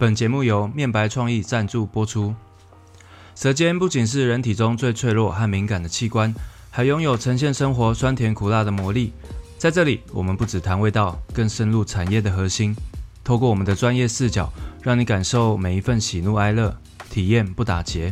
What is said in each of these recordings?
本節目由面白創意贊助播出。舌尖不僅是人體中最脆弱和敏感的器官，還擁有呈現生活酸甜苦辣的魔力。在這裡，我們不只談味道，更深入產業的核心，透過我們的專業視角，讓你感受每一份喜怒哀樂，體驗不打結。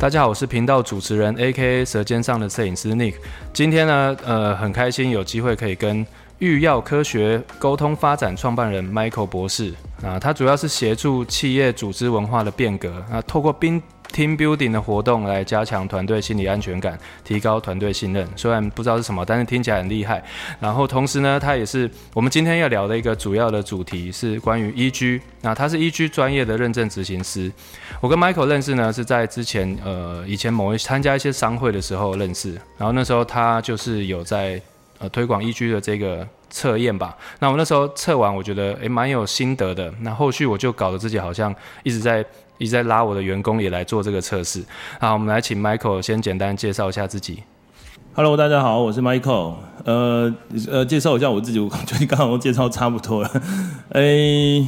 大家好，我是頻道主持人 aka 舌尖上的攝影師 Nick。今天呢，呃，很開心有機會可以跟癒藥科學溝通發展創辦人 Michael 博士啊，他主要是協助企業組織文化的變革啊，透過冰。team building 的活動來加強團隊心理安全感，提高團隊信任。雖然不知道是什麼，但是聽起來很厲害。然後同時呢，他也是我們今天要聊的一個主要的主題是關於 EG。那他是 EG 專業的認證執行師。我跟 Michael 認識呢，是在之前呃，以前某一參加一些商會的時候認識。然後那時候他就是有在呃，推廣 EG 的這個測驗吧。那我那時候測完，我覺得誒，蠻、欸、有心得的。那後續我就搞得自己好像一直在。一直在拉我的員工也來做這個測試。好，我們來請 Michael 先簡單介紹一下自己。Hello，大家好，我是 Michael。呃呃，介紹一下我自己，我覺得剛剛介紹差不多了。哎，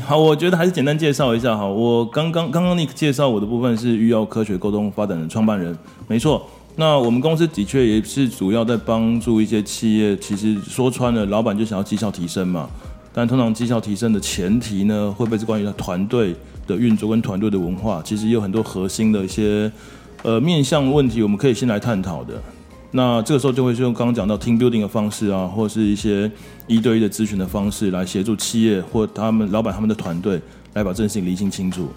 好，我覺得還是簡單介紹一下哈。我剛剛剛剛那個介紹我的部分是育要科學溝通發展的創辦人，沒錯。那我們公司的確也是主要在幫助一些企業。其實說穿了，老闆就想要績效提升嘛。但通常績效提升的前提呢，會不會是關於團隊？的運作跟團隊的文化，其實有很多核心的一些呃面向問題，我們可以先來探討的。那這個時候就會是用剛剛講到 team building 的方式啊，或是一些一對一的諮詢的方式來協助企業或他們老闆他們的團隊來把這件事情理清清楚。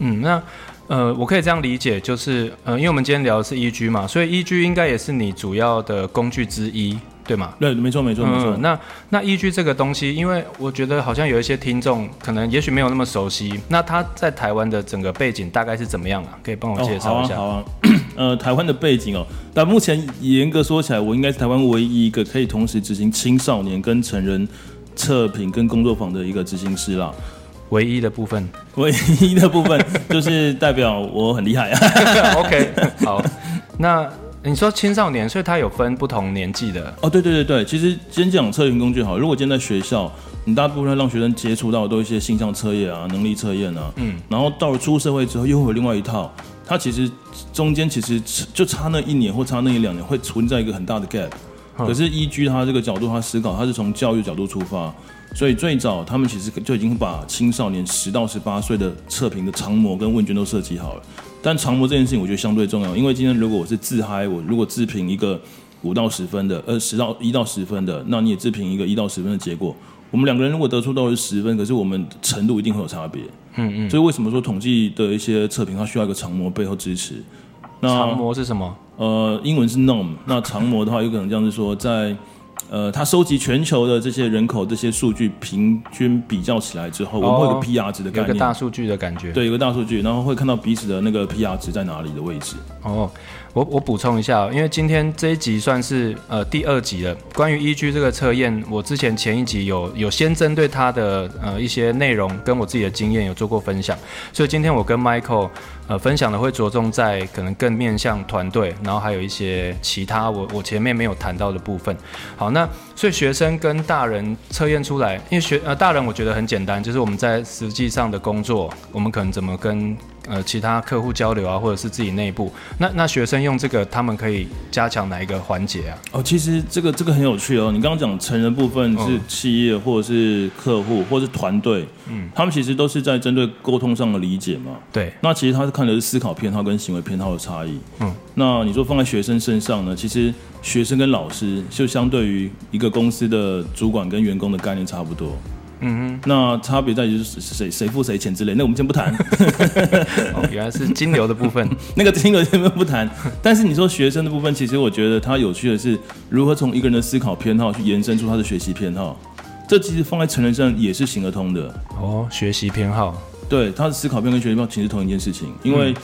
嗯，那呃我可以這樣理解，就是呃因為我們今天聊的是 E G 嘛，所以 E G 應該也是你主要的工具之一。對嘛？對，沒錯，沒錯，沒錯，嗯。那那依據這個東西，因為我覺得好像有一些聽眾可能也許沒有那麼熟悉，那他在台灣的整個背景大概是怎麼樣啊？可以幫我介紹一下？哦，好啊，好啊，呃，台灣的背景哦，但目前嚴格說起來，我應該是台灣唯一一個可以同時執行青少年跟成人測評跟工作坊的一個執行師啦。唯一的部分，唯一的部分就是代表我很厲害啊。 OK，好，那。你說青少年，所以他有分不同年紀的？哦，對對對對，其實先講測驗工具好。如果今天在學校，你大部分讓學生接觸到都一些性向測驗啊、能力測驗啊，嗯，然後到了出社會之後，又會有另外一套。他其實中間其實就差那一年或差那一兩年，會存在一個很大的 gap，嗯。可是 EG 他這個角度他思考，他是從教育角度出發。所以最早他們其實就已經把青少年十到十八歲的測評的常模跟問卷都設計好了。但常模這件事情，我覺得相對重要，因為今天如果我是自嗨，我如果自評一個五到十分的，呃，十到一到十分的，那你也自評一個一到十分的結果，我們兩個人如果得出都是十分，可是我們程度一定會有差別。嗯嗯。所以為什麼說統計的一些測評它需要一個常模背後支持？那常模是什麼？呃，英文是 norm。那常模的話，有可能像是說在。呃，他收集全球的這些人口這些數據，平均比較起來之後，哦，我們會有個 PR 值的概念，有個大數據的感覺，對，有個大數據，然後會看到彼此的那個 PR 值在哪裡的位置。哦，我我補充一下，因為今天這一集算是呃第二集了，關於 EG 這個測驗，我之前前一集有有先針對它的呃一些內容，跟我自己的經驗有做過分享，所以今天我跟 Michael。呃，分享的會着重在可能更面向團隊，然後還有一些其他我我前面沒有談到的部分。好，那所以學生跟大人測驗出來，因為學呃大人我覺得很簡單，就是我們在實際上的工作，我們可能怎麼跟呃其他客戶交流啊，或者是自己內部。那那學生用這個，他們可以加強哪一個環節啊？哦，其實這個這個很有趣哦。你剛剛講成人部分是企業或者是客戶，哦，或者是客戶，或者是團隊，嗯，他們其實都是在針對溝通上的理解嘛？對。那其實他。看的是思考偏好跟行為偏好的差異。嗯，那你說放在學生身上呢？其實學生跟老師就相對於一個公司的主管跟員工的概念差不多。嗯哼，那差別在於是誰誰付誰錢之類。那我們先不談。 哦，原來是金流的部分， 那個金流先不不談。但是你說學生的部分，其實我覺得它有趣的是如何從一個人的思考偏好去延伸出他的學習偏好。這其實放在成人身上也是行得通的。哦，學習偏好。對，他的思考篇跟學習篇其實同一件事情，因為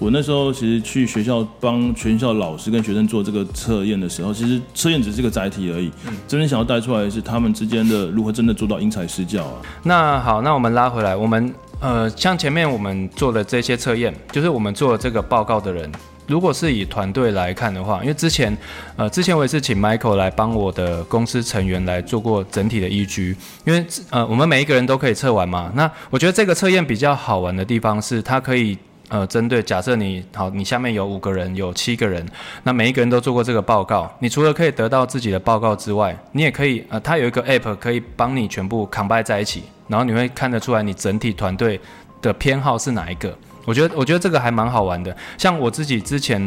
我那時候其實去學校幫全校老師跟學生做這個測驗的時候，其實測驗只是個載體而已，真正想要帶出來的是他們之間的如何真的做到因材施教啊。那好，那我們拉回來，我們呃，像前面我們做的這些測驗，就是我們做這個報告的人。如果是以團隊來看的話，因為之前，呃，之前我也是請 Michael 來幫我的公司成員來做過整體的 EG，因為呃，我們每一個人都可以測完嘛。那我覺得這個測驗比較好玩的地方是，它可以呃，針對假設你，好，你下面有五個人，有七個人，那每一個人都做過這個報告，你除了可以得到自己的報告之外，你也可以，呃，它有一個 App 可以幫你全部 combine 在一起，然後你會看得出來你整體團隊的偏好是哪一個。我覺得，我覺得這個還蠻好玩的。像我自己之前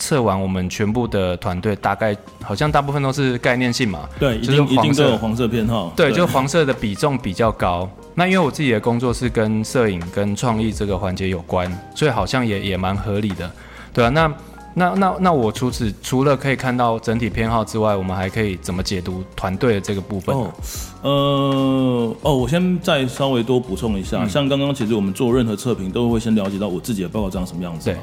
測完，我們全部的團隊大概好像大部分都是概念性嘛，對，就是一定都有黃色偏好，對，就黃色的比重比較高。那因為我自己的工作是跟攝影跟創意這個環節有關，所以好像也也蠻合理的，對啊。那。那那那我除此，除了可以看到整體偏好之外，我們還可以怎麼解讀團隊的這個部分呢、啊？Oh, 呃哦，我先再稍微多補充一下，嗯、像剛剛其實我們做任何測評都會先了解到我自己的報告長什麼樣子。對。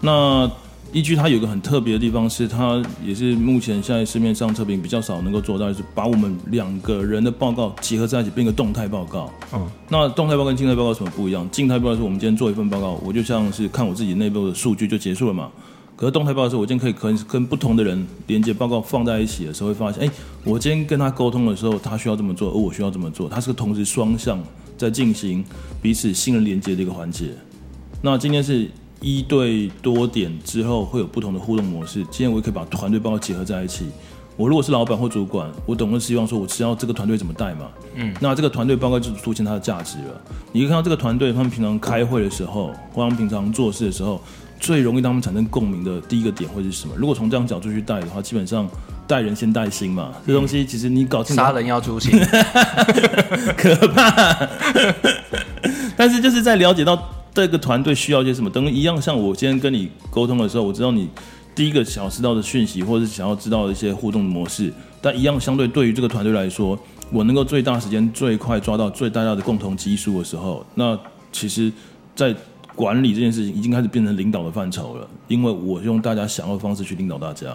那 EG 它有個很特別的地方是，它也是目前現在市面上測評比較少能夠做到，就是把我們兩個人的報告結合在一起，變個動態報告。嗯。那動態報告跟靜態報告有什麼不一樣？靜態報告是我們今天做一份報告，我就像是看我自己內部的數據就結束了嘛。可是動態報告的時候，我今天可以跟跟不同的人連接報告放在一起的時候，會發現，哎、欸，我今天跟他溝通的時候，他需要這麼做，而、哦、我需要這麼做，他是個同時雙向在進行彼此信任連接的一個環節。那今天是一對多點之後，會有不同的互動模式。今天我也可以把團隊報告結合在一起。我如果是老闆或主管，我總歸希望說我知道這個團隊怎麼帶嘛？嗯，那這個團隊報告就凸顯它的價值了。你可以看到這個團隊他們平常開會的時候，或他們平常做事的時候。最容易他們產生共鳴的第一個點會是什麼？如果從這樣角度去帶的話，基本上帶人先帶心嘛。嗯、這東西其實你搞清楚，殺人要誅心， 可怕。 但是就是在了解到這個團隊需要一些什麼，等於一樣像我今天跟你溝通的時候，我知道你第一個想知道的訊息，或者是想要知道的一些互動的模式。但一樣，相對對於這個團隊來說，我能夠最大時間最快抓到最大大的共同基數的時候，那其實，在。管理這件事情已經開始變成領導的範疇了，因為我用大家想要的方式去領導大家。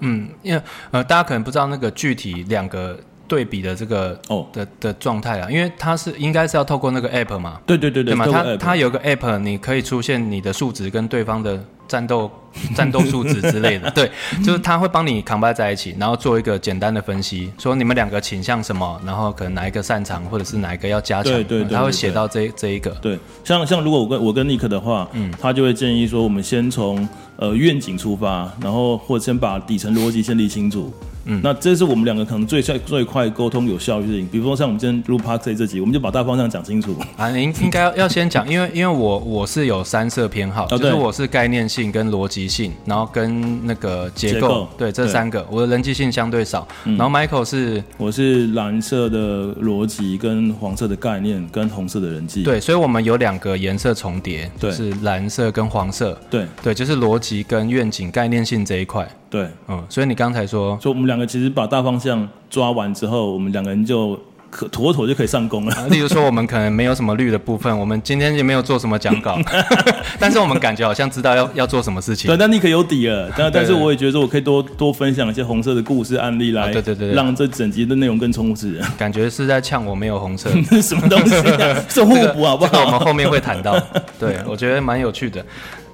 嗯，因為呃，大家可能不知道那個具體兩個對比的這個哦的的狀態啊，因為它是應該是要透過那個 app 嘛。對對對對，對嘛它它有個 app，你可以出現你的數值跟對方的。戰鬥、戰鬥數值之類的， 對，就是他會幫你 combine 在一起，然後做一個簡單的分析，說你們兩個傾向什麼，然後可能哪一個擅長，或者是哪一個要加強。對對，對，對對，他會寫到這這一個。對，像像如果我跟我跟尼克的話，嗯，他就會建議說，我們先從呃願景出發，然後或者先把底層邏輯先理清楚。嗯，那這是我們兩個可能最快、最快溝通有效率，比如說像我們今天錄 podcast 這集，我們就把大方向講清楚啊。應應該要先講， 因為因為我我是有三色偏好、哦對，就是我是概念性跟邏輯性，然後跟那個結構，結構對，這三個我的人際性相對少。對，然後 Michael 是我是藍色的邏輯跟黃色的概念跟紅色的人際，對，所以我們有兩個顏色重疊，對、就，是藍色跟黃色，對對，就是邏輯跟願景概念性這一塊。對，嗯，所以你剛才說，說我們兩個其實把大方向抓完之後，我們兩個人就可妥妥就可以上工了。例如說，我們可能沒有什麼綠的部分，我們今天也沒有做什麼講稿， 但是我們感覺好像知道要要做什麼事情。 對，但你可有底了。但對對對，但是我也覺得說我可以多多分享一些紅色的故事案例來，對對對，讓這整集的內容更充實，哦。感覺是在嗆我沒有紅色，是 什麼東西、啊？是互補好不好？ 這個這個，我們後面會談到。 對，我覺得蠻有趣的。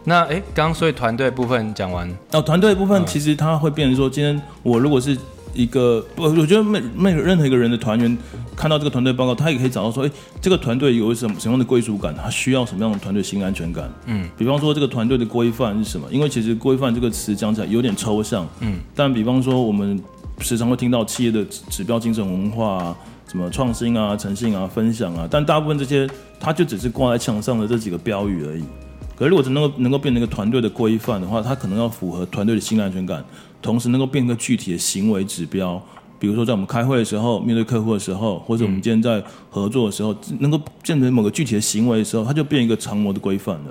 那哎，誒剛,剛所以團隊的部分講完，那團隊的部分其實他會變成說，今天我如果是一個我我覺得每每任何一個人的團員看到這個團隊報告，他也可以找到說，哎，這個團隊有什麼什麼樣的歸屬感，他需要什麼樣的團隊心安全感。嗯，比方說這個團隊的規範是什麼？因為其實規範這個詞講起來有點抽象。嗯，但比方說我們時常會聽到企業的指標、精神文化、啊、什麼創新啊、誠信啊、分享啊，但大部分這些它就只是掛在牆上的這幾個標語而已。所以如果只能夠能夠變成一個團隊的規範的話，它可能要符合團隊的心理安全感，同時能夠變成一個具體的行為指標。比如說，在我們開會的時候，面對客戶的時候，或者我們今天在合作的時候，能夠變成某個具體的行為的時候，它就變成一個常模的規範了。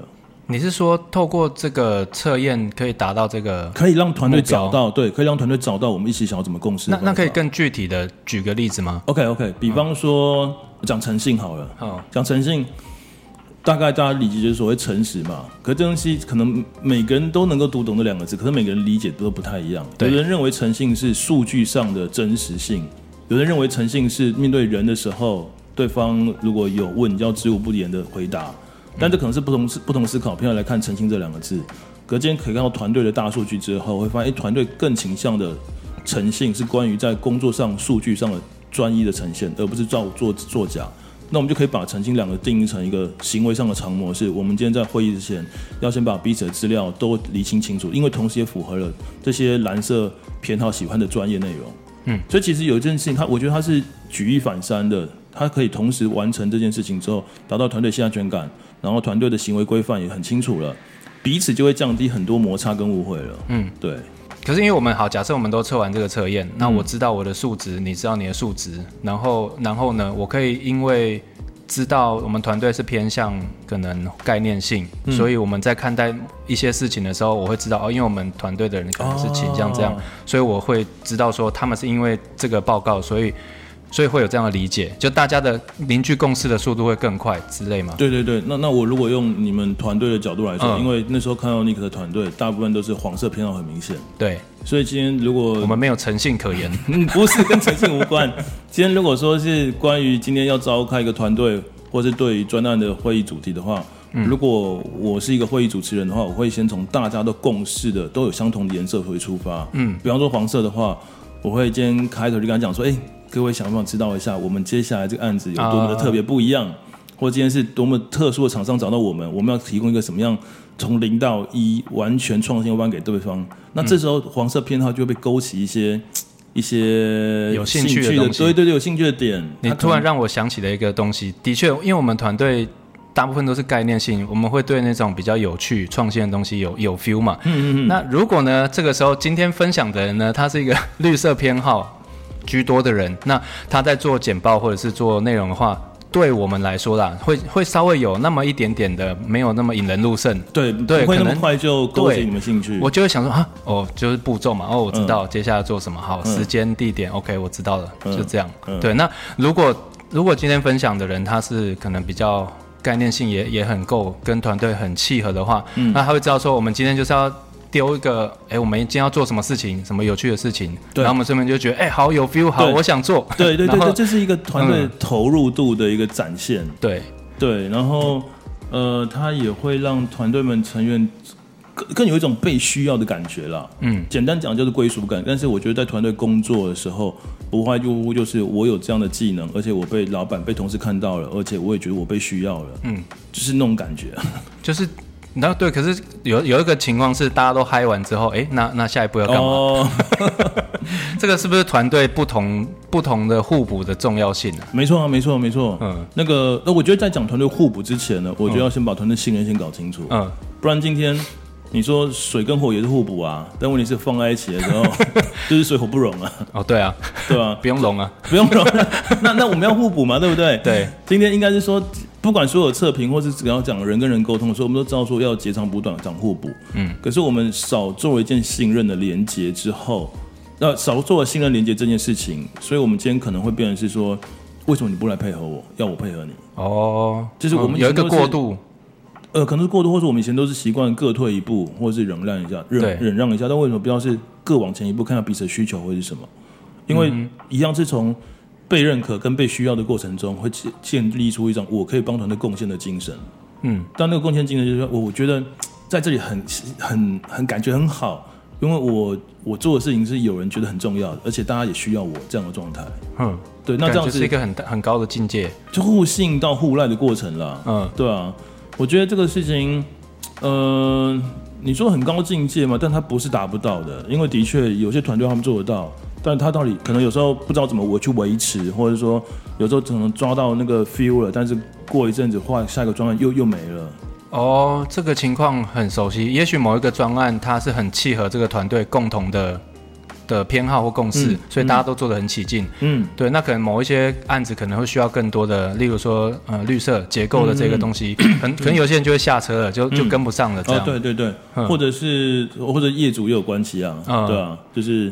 你是說透過這個測驗可以達到這個，可以讓團隊找到，對，可以讓團隊找到我們一起想要怎麼共識。那那可以更具體的舉個例子嗎？OK OK，比方說嗯，講誠信好了，好講誠信。大概大家理解就是所謂誠實嘛，可是這東西可能每個人都能夠讀懂這兩個字，可是每個人理解都不太一樣。有人認為誠信是數據上的真實性，有人認為誠信是面對人的時候，對方如果有問，你就要知無不言的回答。但這可能是不同思、嗯、不同思考，偏好來看誠信這兩個字。可今天可以看到團隊的大數據之後，會發現，欸、團隊更傾向的誠信是關於在工作上、數據上的專一的呈現，而不是造作作假。那我們就可以把澄清兩個定義成一個行為上的常模式。我們今天在會議之前，要先把彼此的資料都理清清楚，因為同時也符合了這些藍色偏好喜歡的專業內容。嗯，所以其實有一件事情它，他我覺得他是舉一反三的，他可以同時完成這件事情之後，達到團隊性安全感，然後團隊的行為規範也很清楚了，彼此就會降低很多摩擦跟誤會了。嗯，對。可是因為我們好，假設我們都測完這個測驗，那我知道我的數值、嗯，你知道你的數值，然後然後呢，我可以因為知道我們團隊是偏向可能概念性、嗯，所以我們在看待一些事情的時候，我會知道哦，因為我們團隊的人可能是傾向這樣、哦，所以我會知道說他們是因為這個報告，所以。所以會有這樣的理解，就大家的凝聚共識的速度會更快之類嗎？對對對，那那我如果用你們團隊的角度來說，嗯、因為那時候看到尼克的團隊，大部分都是黃色偏好很明顯。對，所以今天如果我們沒有誠信可言，嗯， 不是跟誠信無關。 今天如果說是關於今天要召開一個團隊，或是對於專案的會議主題的話、嗯，如果我是一個會議主持人的話，我會先從大家都共識的，都有相同的顏色可以出發。嗯，比方說黃色的話，我會今天開頭就跟他講說，哎。各位想不想知道一下，我們接下來這個案子有多麼的特別不一樣，啊、或今天是多麼特殊的廠商找到我們，我們要提供一個什麼樣從零到一完全創新的方案給對方。那這時候黃色偏好就會被勾起一些一些興有興趣的，所以對，對，對有興趣的點。你突然讓我想起了一個東西，的確，因為我們團隊大部分都是概念性，我們會對那種比較有趣創新的東西有有 feel 嘛。嗯嗯嗯。那如果呢，這個時候今天分享的人呢，他是一個綠色偏好。居多的人，那他在做簡報或者是做內容的話，對我們來說啦，會會稍微有那麼一點點的，沒有那麼引人入勝。對對，不會可能會那麼快就勾起你們興趣。我就會想說啊，哦，就是步驟嘛，哦，我知道、嗯、接下來做什麼，好，嗯、時間地點，OK，我知道了，嗯、就這樣、嗯。對，那如果如果今天分享的人他是可能比較概念性也也很夠，跟團隊很契合的話、嗯，那他會知道說，我們今天就是要，丟一個，哎、欸，我們今天要做什麼事情？什麼有趣的事情？對，然後我們身邊就覺得，哎、欸，好有 feel，好，我想做。對對對，對，對，這是一個團隊投入度的一個展現。嗯、對對，然後呃，它也會讓團隊們成員更更有一種被需要的感覺啦，嗯，簡單講就是歸屬感。但是我覺得在團隊工作的時候，不外乎就是我有這樣的技能，而且我被老板、被同事看到了，而且我也覺得我被需要了。嗯，就是那種感覺，就是。那對，可是有有一個情況是，大家都嗨完之後，哎、欸，那那下一步要幹嘛？Oh. 這個是不是團隊不同不同的互補的重要性啊？沒錯啊，沒錯、啊，沒錯。嗯，那個，我覺得在講團隊互補之前呢，我覺得要先把團隊信任先搞清楚。嗯，不然今天你說水跟火也是互補啊，但問題是放在一起的時候， 就是水火不容啊。哦、oh,，對啊，對啊，不用容啊，不用容。那那我們要互補嘛，對不對？對，今天應該是說。不管所有測評，或是只要講人跟人溝通的時候，我們都知道說要截長補短，講互補。嗯，可是我們少做了一件信任的連接之後，那、啊、少做了信任連接這件事情，所以我們今天可能會變成是說，為什麼你不來配合我，要我配合你？哦，就是我們是、嗯、有一個過度，呃，可能是過度，或者我們以前都是習慣各退一步，或者是忍讓一下，忍忍讓一下。但為什麼不要是各往前一步，看到彼此的需求或是什麼？因為、嗯、一樣是從。被認可跟被需要的過程中，會建立出一種我可以幫團隊貢獻的精神。嗯，但那個貢獻精神就是說，我我覺得在這裡很很很感覺很好，因為我我做的事情是有人覺得很重要的，而且大家也需要我這樣的狀態。嗯，對，那這樣是一個很很高的境界，就互信到互賴的過程啦。嗯，對啊，我覺得這個事情，嗯、呃，你說很高境界嘛，但它不是達不到的，因為的確有些團隊他們做得到。但他到底可能有時候不知道怎麼我去維持，或者說有時候只能抓到那個 feel 了，但是過一陣子換下一個專案又又沒了。哦，這個情況很熟悉。也許某一個專案它是很契合這個團隊共同的的偏好或共識，嗯，所以大家都做得很起勁嗯。嗯，對。那可能某一些案子可能會需要更多的，例如說呃綠色結構的這個東西，嗯、很、嗯、可能有些人就會下車了，就、嗯、就跟不上了這樣。哦，對對對，嗯、或者是或者業主也有關係啊，嗯、對啊，就是。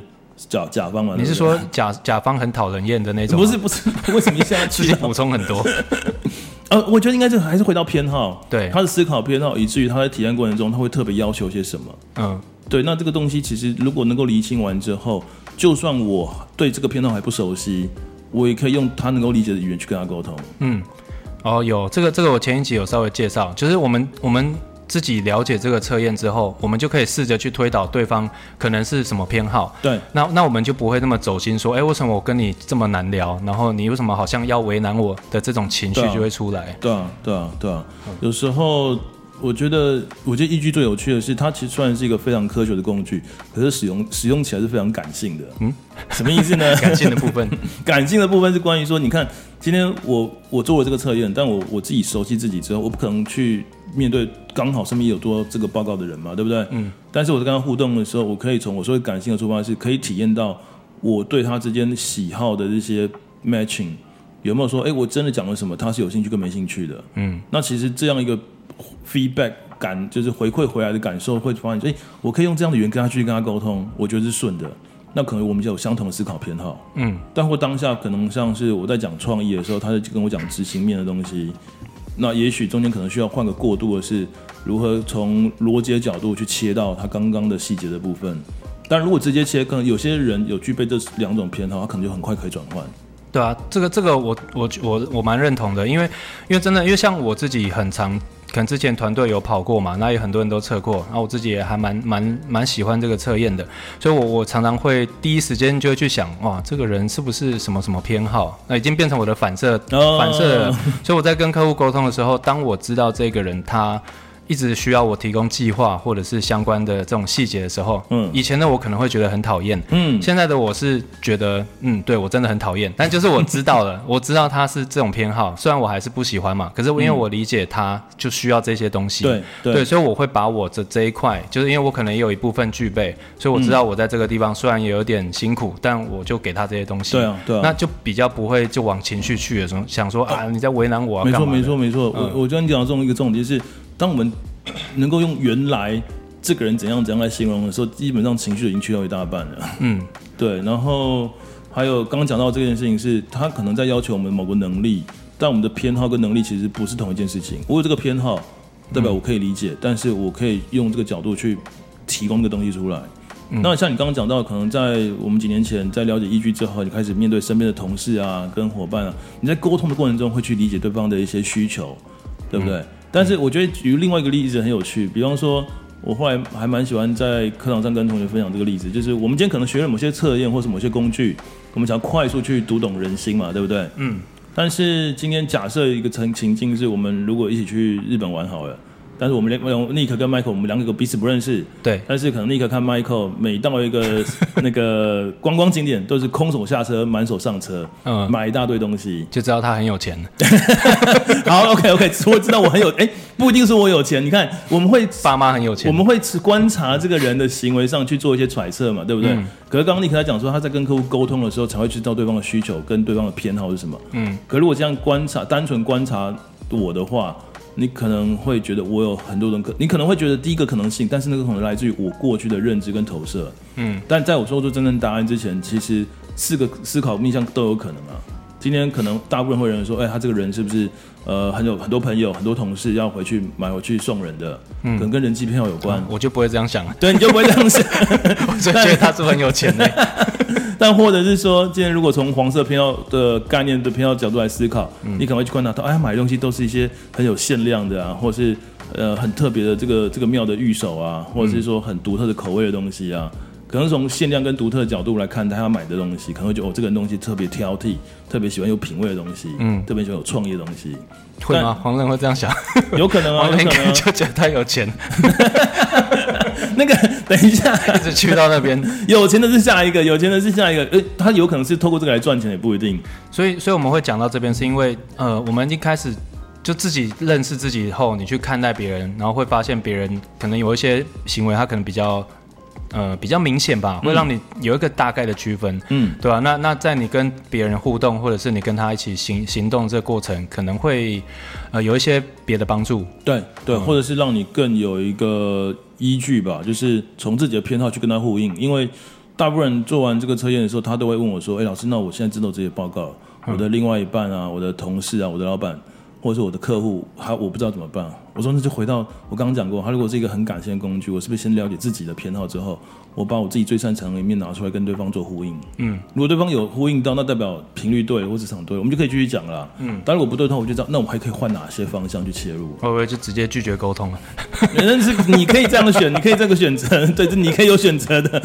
甲甲方啊，你是說甲甲方很討人厭的那種？不是不是，我為什麼你現在自己補充很多？ 呃，我覺得應該是還是回到偏好，對，他的思考偏好，以至於他在體驗過程中，他會特別要求些什麼？嗯，對，那這個東西其實如果能夠釐清完之後，就算我對這個偏好還不熟悉，我也可以用他能夠理解的語言去跟他溝通。嗯，哦，有這個這個我前一集有稍微介紹，就是我們我們。自己了解這個測驗之後，我們就可以試着去推導對方可能是什麼偏好。對，那那我們就不會那麼走心，說，哎、欸，為什麼我跟你這麼難聊？然後你為什麼好像要為難我的這種情緒就會出來。對啊，對啊，對啊，對啊、嗯。有時候我覺得，我覺得 EG 最有趣的是，它其實雖然是一個非常科學的工具，可是使用使用起來是非常感性的。嗯，什麼意思呢？ 感性的部分，感性的部分是關於說，你看，今天我我做了這個測驗，但我我自己熟悉自己之後，我不可能去。面對剛好身邊有做這個報告的人嘛，對不對？嗯。但是我在跟他互動的時候，我可以從我所謂感性的出發，是可以體驗到我對他之間喜好的這些 matching 有沒有，說，哎，我真的講了什麼，他是有興趣跟沒興趣的。嗯。那其實這樣一個 feedback 感，就是回饋回來的感受，會發現，哎，我可以用這樣的語言跟他去跟他溝通，我覺得是順的。那可能我們就有相同的思考偏好。嗯。但或當下可能像是我在講創意的時候，他就跟我講執行面的東西。那也許中間可能需要換個過渡的是，如何從邏輯的角度去切到他剛剛的細節的部分。但如果直接切，可能有些人有具備這兩種偏好，他可能就很快可以轉換。對啊，這個這個我我我我蠻認同的，因為因為真的因為像我自己很常。可能之前團隊有跑過嘛，那有很多人都測過，然後我自己也還蠻蠻蠻喜歡這個測驗的，所以我我常常會第一時間就會去想，哇，這個人是不是什麼什麼偏好？那已經變成我的反射，反射了，所以我在跟客戶溝通的時候，當我知道這個人他。一直需要我提供計劃或者是相關的這種細節的時候，嗯，以前的我可能會覺得很討厭，嗯，現在的我是覺得，嗯，對我真的很討厭，但就是我知道了， 我知道他是這種偏好，雖然我還是不喜歡嘛，可是因為我理解他就需要這些東西，嗯、對對，對，所以我會把我這這一塊，就是因為我可能也有一部分具備，所以我知道我在這個地方雖然也有點辛苦、嗯，但我就給他這些東西，對、啊、對、啊，那就比較不會就往情緒去，去的時候想說、哦、啊你在為難我，沒錯沒錯沒錯，我、嗯、我覺得你講的這種一個重點是。當我們能夠用原來這個人怎樣怎樣來形容的時候，基本上情緒已經去掉一大半了。嗯，對。然後還有剛剛講到的這件事情是，他可能在要求我們某個能力，但我們的偏好跟能力其實不是同一件事情。我有這個偏好，代表我可以理解，嗯、但是我可以用這個角度去提供一個東西出來、嗯。那像你剛剛講到，可能在我們幾年前在了解 EG 之後，你開始面對身邊的同事啊、跟夥伴啊，你在溝通的過程中會去理解對方的一些需求，對不對？嗯但是我覺得舉另外一個例子很有趣，比方說，我後來還蠻喜歡在課堂上跟同學分享這個例子，就是我們今天可能學了某些測驗或是某些工具，我們想要快速去讀懂人心嘛，對不對？嗯。但是今天假設一個情情境是，我們如果一起去日本玩好了。但是我們連用 Nick 跟 Michael，我們兩個彼此不認識。對。但是可能 Nick 看 Michael，每到一個那個觀光景點，都是空手下車，滿手上車，嗯，買一大堆東西，就知道他很有錢。 好 ，OK OK，只會知道我很有，哎、 欸，不一定是我有錢。你看，我們會爸媽很有錢，我們會只觀察這個人的行為上去做一些揣測嘛，對不對？嗯、可是剛剛 Nick 他講說，他在跟客戶溝通的時候，才會知道對方的需求跟對方的偏好是什麼。嗯。可如果這樣觀察，單純觀察我的話。你可能會覺得我有很多種可，你可能會覺得第一個可能性，但是那個可能來自於我過去的認知跟投射。嗯，但在我說出真正答案之前，其實四個思考面向都有可能啊。今天可能大部分人會認為說，哎、欸，他這個人是不是呃很有很多朋友、很多同事要回去買回去送人的，嗯、可能跟人際偏好有關、啊。我就不會這樣想了， 對，你就不會這樣想， 我只覺得他是很有錢的、欸。 但或者是說，今天如果從黃色偏好的概念的偏好角度來思考，嗯、你可能會去觀察到，哎，買的東西都是一些很有限量的啊，或是呃很特別的這個這個廟的御守啊，或者是說很獨特的口味的東西啊。嗯嗯可能從限量跟獨特的角度來看，他要買的東西，可能會覺得哦，這個東西特別挑剔，特別喜歡有品味的東西，嗯，特別喜歡有創意的東西。會嗎？黃仁會這樣想？ 有可能啊。黃仁一看就覺得他有錢。 那個，等一下，一直去到那邊， 有錢的是下一個，有錢的是下一個。呃、欸，他有可能是透過這個來賺錢，也不一定。所以，所以我們會講到這邊，是因為呃，我們一開始就自己認識自己以後，你去看待別人，然後會發現別人可能有一些行為，他可能比較。呃，比較明顯吧，會讓你有一個大概的區分，嗯，對啊，那那在你跟別人互動，或者是你跟他一起行行動這個過程，可能會呃有一些別的幫助，對對、嗯，或者是讓你更有一個依據吧，就是從自己的偏好去跟他互應。因為大部分人做完這個測驗的時候，他都會問我說，哎、欸，老師，那我現在知道這些報告，我的另外一半啊，我的同事啊，我的老闆，或者是我的客戶，他我不知道怎麼辦。我說，那就回到我剛剛講過，他如果是一個很感性的工具，我是不是先了解自己的偏好之後，我把我自己最擅長的一面拿出來跟對方做呼應？嗯，如果對方有呼應到，那代表頻率對或只場對，我們就可以繼續講了啦。嗯，但如果不對的話，我就知道那我們還可以換哪些方向去切入。會不會就直接拒絕溝通了？反正是你可以這樣選， 你可以這個選擇，對，你可以有選擇的。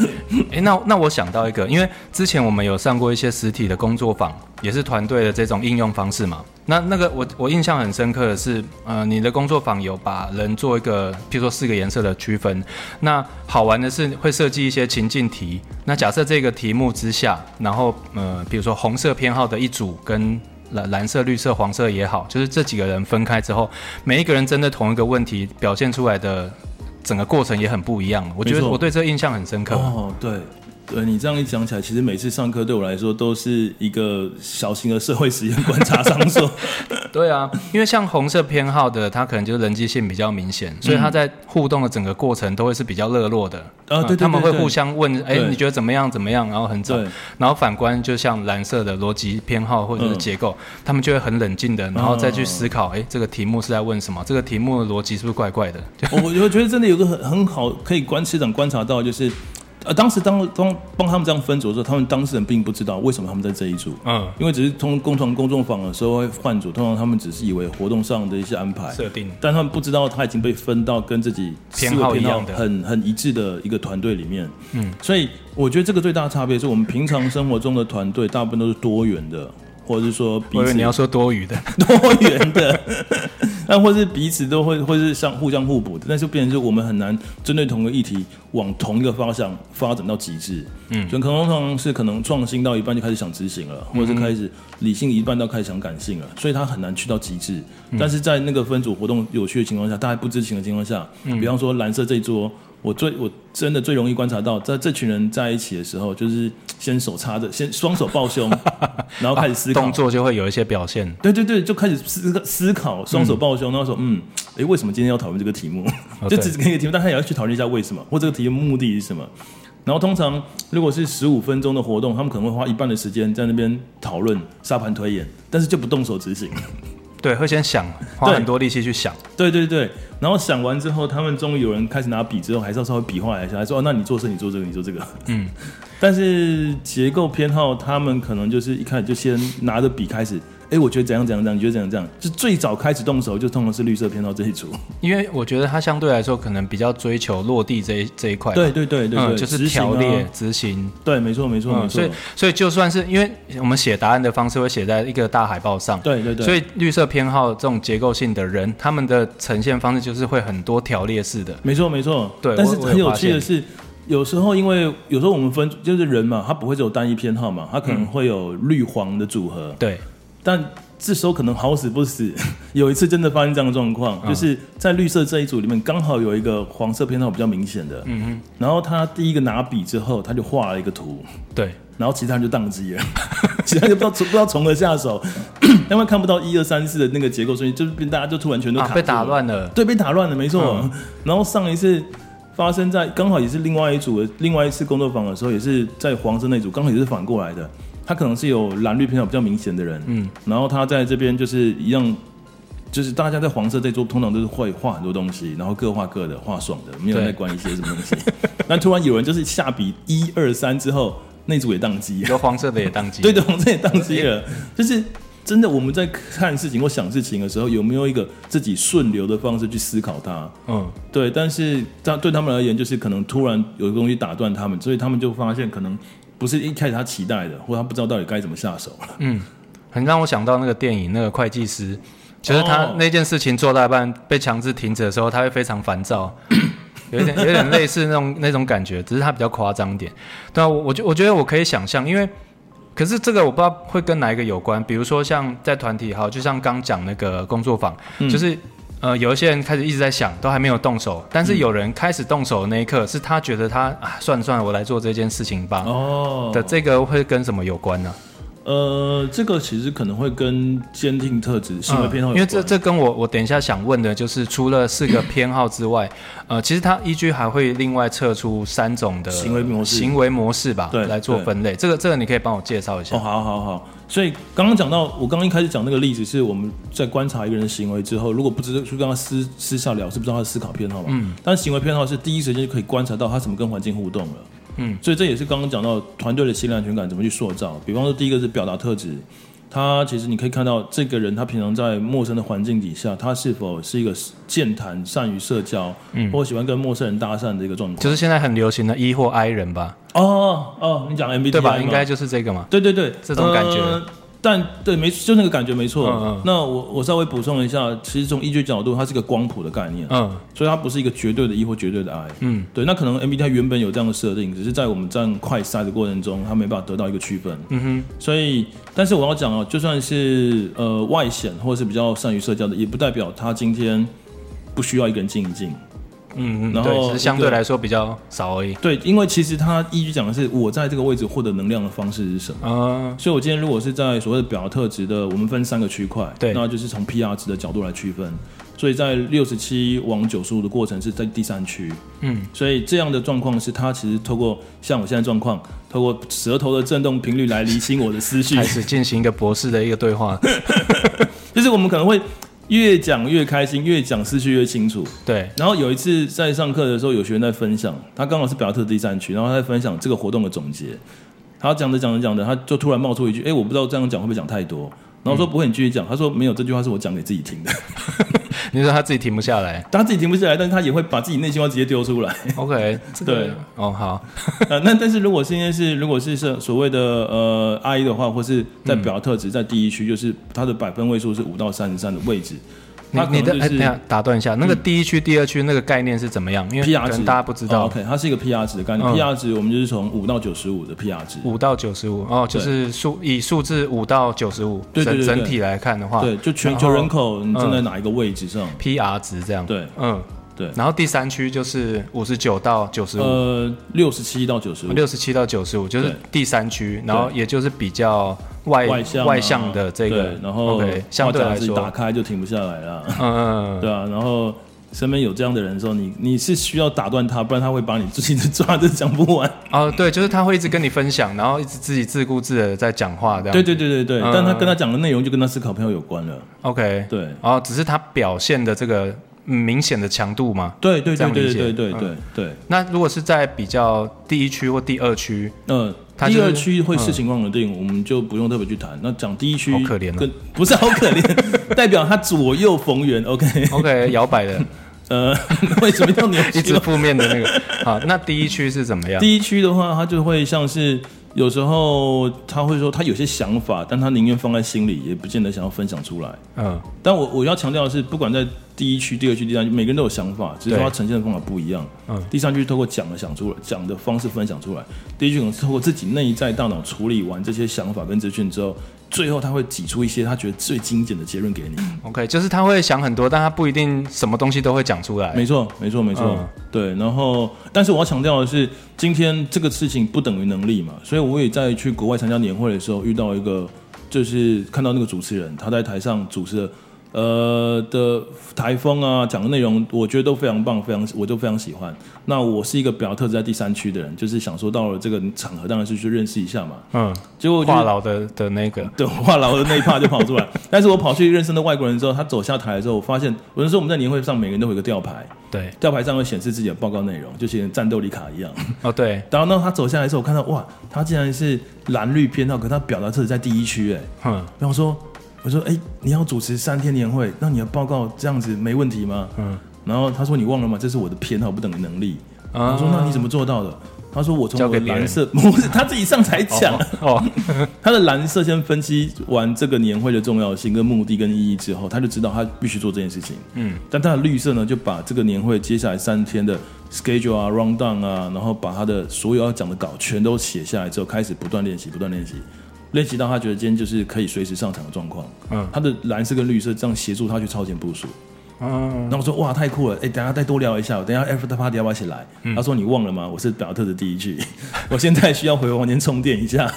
哎，那那我想到一個，因為之前我們有上過一些實體的工作坊，也是團隊的這種應用方式嘛。那那個我我印象很深刻的是，呃，你的工作坊。有把人做一個，譬如說四個顏色的區分。那好玩的是會設計一些情境題。那假設這個題目之下，然後呃，比如說紅色偏好的一組跟藍藍色、綠色、黃色也好，就是這幾個人分開之後，每一個人針對同一個問題表現出來的整個過程也很不一樣。我覺得我對這個印象很深刻。哦，對。對，你這樣一講起來，其實每次上課對我來說都是一個小型的社會實驗觀察場所。對啊，因為像紅色偏好的，他可能就是人際性比較明顯，嗯、所以他在互動的整個過程都會是比較熱絡的。啊，對，對，對，對，他們會互相問，哎，你覺得怎麼樣？怎麼樣？然後很吵。然後反觀，就像藍色的邏輯偏好或者是結構，他、嗯、們就會很冷靜的，然後再去思考，哎、嗯，這個題目是在問什麼？這個題目的邏輯是不是怪怪的？我我覺得真的有個很 很好可以觀，師長觀察到就是。啊、呃，當時當當幫他們這樣分組的時候，他們當事人並不知道為什麼他們在這一組。嗯，因為只是通共同工作坊的時候會換組，通常他們只是以為活動上的一些安排設定，但他們不知道他已經被分到跟自己偏好一樣的、很很一致的一個團隊裡面。嗯，所以我覺得這個最大的差別是我們平常生活中的團隊大部分都是多元的，或者是說，比如你要說多餘的、多元的。 但或是彼此都會，會是相互相互補的，那就變成說我們很難針對同一個議題往同一個方向發展到極致。嗯，就可能通常是可能創新到一半就開始想執行了，或者是開始理性一半到開始想感性了，所以它很難去到極致，嗯。但是在那個分組活動有趣的情況下，大家不知情的情況下，比方說藍色這一桌。我最我真的最容易觀察到，在這群人在一起的時候，就是先手插着，先雙手抱胸， 然後開始思考、啊，動作就會有一些表現。對對對，就開始思思考，雙手抱胸，嗯、然後說嗯，哎，為什麼今天要討論這個題目？哦、 就只是給一個題目，但他也要去討論一下為什麼，或者這個題目的目的是什麼。然後通常如果是十五分鐘的活動，他們可能會花一半的時間在那邊討論沙盤推演，但是就不動手執行。 對，會先想，花很多力氣去想。對，對對對，然後想完之後，他們終於有人開始拿筆之後，還是要稍微比劃一下，還說哦，那你做這，你做這個，你做這個。嗯，但是結構偏好，他們可能就是一開始就先拿着筆開始。哎、欸，我覺得怎樣怎樣怎樣，你覺得怎樣怎樣？就最早開始動手就通常是綠色偏好這一組，因為我覺得他相對來說可能比較追求落地這一這一塊。對對對對對，對、嗯，就是條列執行、啊、行。對，沒錯沒錯、嗯、沒錯。所以所以就算是因為我們寫答案的方式會寫在一個大海報上。對對對。所以綠色偏好這種結構性的人，他們的呈現方式就是會很多條列式的。沒錯沒錯。對。但是很有趣的是有，有時候因為有時候我們分就是人嘛，他不會只有單一偏好嘛，他可能會有綠黃的組合。對、嗯。但這時候可能好死不死，有一次真的發生這樣的狀況、啊，就是在綠色這一組裡面，剛好有一個黃色偏好比較明顯的，嗯哼，然後他第一個拿筆之後，他就畫了一個圖，對，然後其他人就宕機了， 其他人就不知道 不知道從何 下手， 因為看不到一二三四的那個結構，所以就是大家就突然全都、啊、被打亂了，對，被打亂了，沒錯、嗯。然後上一次發生在剛好也是另外一組的，另外一次工作坊的時候，也是在黃色那組，剛好也是反過來的。他可能是有藍綠偏好比較明顯的人，嗯，然後他在這邊就是一樣，就是大家在黃色這桌通常都是會畫很多東西，然後各畫各的，畫爽的，沒有在管一些什麼東西。那 突然有人就是下筆一二三之後，那組也宕機，有黃色的也宕機， 對，對，對，黃色也宕機了。Yeah. 就是真的，我們在看事情或想事情的時候，有沒有一個自己順流的方式去思考它？嗯，對。但是這樣對他們而言，就是可能突然有個東西打斷他們，所以他們就發現可能。不是一開始他期待的，或他不知道到底該怎麼下手了。嗯，很讓我想到那個電影，那個會計師，其實他那件事情做大半，oh. 被強制停止的時候，他會非常煩躁， 有一點有點類似那種 那種感覺，只是他比較誇張點。對啊，我我我覺得我可以想象，因為可是這個我不知道會跟哪一個有關，比如說像在團體，哈，就像剛講那個工作坊，嗯、就是。呃，有一些人開始一直在想，都還沒有動手，但是有人開始動手的那一刻，嗯、是他覺得他啊，算了算了，我來做這件事情吧。哦，的這個會跟什麼有關呢、啊？呃，這個其實可能會跟堅定特質、行為偏好、呃，因為這這跟我我等一下想問的就是，除了四個偏好之外，咳咳呃，其實他 EG 還會另外測出三種的行為模式，行為模式，行為模式吧，對，來做分類。這個這個你可以幫我介紹一下。哦，好好好。所以剛剛講到，我剛剛一開始講那個例子是我們在觀察一個人的行為之後，如果不知道是去跟他私私下聊，是不知道他的思考偏好嘛？嗯，但行為偏好是第一時間就可以觀察到他怎麼跟環境互動了。嗯，所以這也是剛剛講到團隊的心理安全感怎麼去塑造，比方說第一個是表達特質。他其實你可以看到，這個人他平常在陌生的環境底下，他是否是一個健談、善於社交、嗯，或喜歡跟陌生人搭訕的一個狀態？就是現在很流行的 E 或 I 人吧？哦哦，你講 MBTI 對吧？應該就是這個嘛？對對對，這種感覺。呃但對，沒就那個感覺沒錯。Uh, uh. 那我我稍微補充一下，其實從醫學角度，它是一個光譜的概念，嗯、uh.，所以它不是一個絕對的 E 或絕對的 I 嗯，對。那可能 MBTI 它原本有這樣的設定，只是在我們這樣快篩的過程中，它沒辦法得到一個區分，嗯哼。所以，但是我要講啊，就算是呃外顯或者是比較善於社交的，也不代表他今天不需要一個人靜一靜。嗯，然後對，其實相對來說比較少而已。對，因為其實他一直講的是我在這個位置獲得能量的方式是什麼啊？所以，我今天如果是在所謂的表達特質的，我們分三個區塊，對，那就是從 PR 值的角度來區分。所以在六十七往九十五的過程是在第三區，嗯，所以這樣的狀況是，他其實透過像我現在狀況，透過舌頭的震動頻率來釐清我的思緒，開始進行一個博士的一個對話， 就是我們可能會。越講越開心，越講思緒越清楚。對，然後有一次在上課的時候，有學員在分享，他剛好是表達堅定第三區，然後他在分享這個活動的總結。他講着講着講着，他就突然冒出一句：“哎、欸，我不知道這樣講會不會講太多。”然後說不會，你繼續講、嗯。他說沒有，這句話是我講給自己聽的。 你說他自己停不下來，他自己停不下來，但是他也會把自己內心話直接丟出來。OK，對，哦好、 呃。那但是如果現在是如果是所謂的呃阿姨的話，或是在表達特質、嗯、在第一區，就是它的百分位數是五到三十三的位置。那、就是、你,你的哎、欸、打斷一下，那個第一區、嗯、第二區那個概念是怎麼樣？因為 PR 值大家不知道、哦、，OK，它是一個 PR 值的概念。嗯、PR 值我們就是從五到九十五的 PR 值，五到九十五哦，就是數以數字五到九十五，整整體來看的話，對，就全球人口你站在哪一個位置上、嗯、？PR 值這樣，對，嗯。對，然後第三區就是五十九到九十五，呃，六十七到九十五，六十七到九十五就是第三區，然後也就是比較外，外向、啊、外向的這個，對，然後 okay, 相對來說打開就停不下來了，嗯對啊，然後身邊有這樣的人的時候，你你是需要打斷他，不然他會把你自己的抓着講不完啊、嗯，對，就是他會一直跟你分享，然後一直自己自顧自的在講話，這樣，對對對對對、嗯，但他跟他講的內容就跟他思考偏好有關了，OK，對，然後，只是他表現的這個。明顯的強度嗎？對對對對對對對對，對。嗯、那如果是在比較第一區或第二區，嗯、呃，第二區會視情況而定，我們就不用特別去談。那講第一區，好可憐、啊，不是好可憐， 代表他左右逢源。OK OK，搖擺的，呃， 為什麼要扭曲？一直負面的那個。好，那第一區是怎麼樣？第一區的話，他就會像是有時候他會說他有些想法，但他寧願放在心裡，也不見得想要分享出來。嗯，但我我要強調的是，不管在第一區、第二區、第三區，每個人都有想法，只是他呈現的方法不一樣。嗯，第三區透過講的想出來，講的方式分享出來。第一區可能是透過自己內在大腦處理完這些想法跟資訊之後，最後他會擠出一些他覺得最精簡的結論給你。嗯。OK，就是他會想很多，但他不一定什麼東西都會講出來。沒錯，沒錯，沒錯，嗯。對，然後，但是我要強調的是，今天這個事情不等於能力嘛，所以我也在去國外參加年會的時候遇到一個，就是看到那個主持人他在台上主持。呃的台風啊，講的內容我覺得都非常棒，非常我就非常喜歡。那我是一個表達特質在第三區的人，就是想說到了這個場合，當然是去認識一下嘛。嗯。結果話癆的的那個，對，話癆的那一趴就跑出來。 但是我跑去認識那外國人之後，他走下台的時候，我發現，有人說我們在年會上每個人都有一個吊牌，對，吊牌上會顯示自己的報告內容，就像戰鬥力卡一樣。哦，對。然後呢，他走下來之後，我看到哇，他竟然是藍綠偏好，可是他表達特質在第一區哎、欸。嗯。然後說。我說：哎，你要主持三天年會，那你的報告這樣子沒問題嗎？嗯。然後他說：你忘了嗎？這是我的偏好不等於能力。啊、嗯。我說：那你怎麼做到的？他說：我從這個藍色，不是他自己上台講。哦。 他的藍色先分析完這個年會的重要性、跟目的、跟意義之後，他就知道他必須做這件事情。嗯。但他的綠色呢，就把這個年會接下來三天的 schedule 啊、round down 啊，然後把他的所有要講的稿全都寫下來之後，開始不斷練習，不斷練習。嗯累積到他覺得今天就是可以隨時上場的狀況。嗯，他的藍色跟綠色這樣協助他去超前部署。哦、嗯，那我說哇，太酷了！哎、欸，等下再多聊一下，我等一下 Afterparty 要不要一起來、嗯？他說，你忘了嗎？我是表特的第一區， 我現在需要回房間充電一下，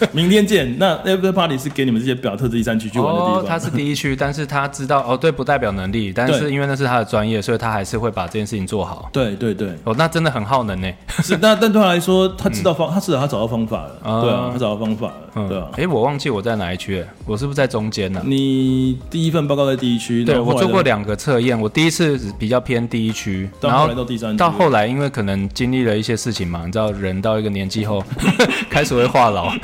明天見。那 Afterparty 是給你們這些表特第一站區去玩的地方。哦、他是第一區， 但是他知道哦，對，不代表能力，但是因為那是他的專業，所以他還是會把這件事情做好。對對對，哦，那真的很耗能呢、欸。 是，那但對他來說，他知道方，嗯、他至少他找到方法了、哦。對啊，他找到方法了。嗯、對啊，哎、欸，我忘記我在哪一區，我是不是在中間呢、啊？你第一份報告在第一區，對我做過兩個。測驗，我第一次比較偏第一區，然後，到，後來到第三，到後來因為可能經歷了一些事情嘛，你知道人到一個年紀後 開始會話癆，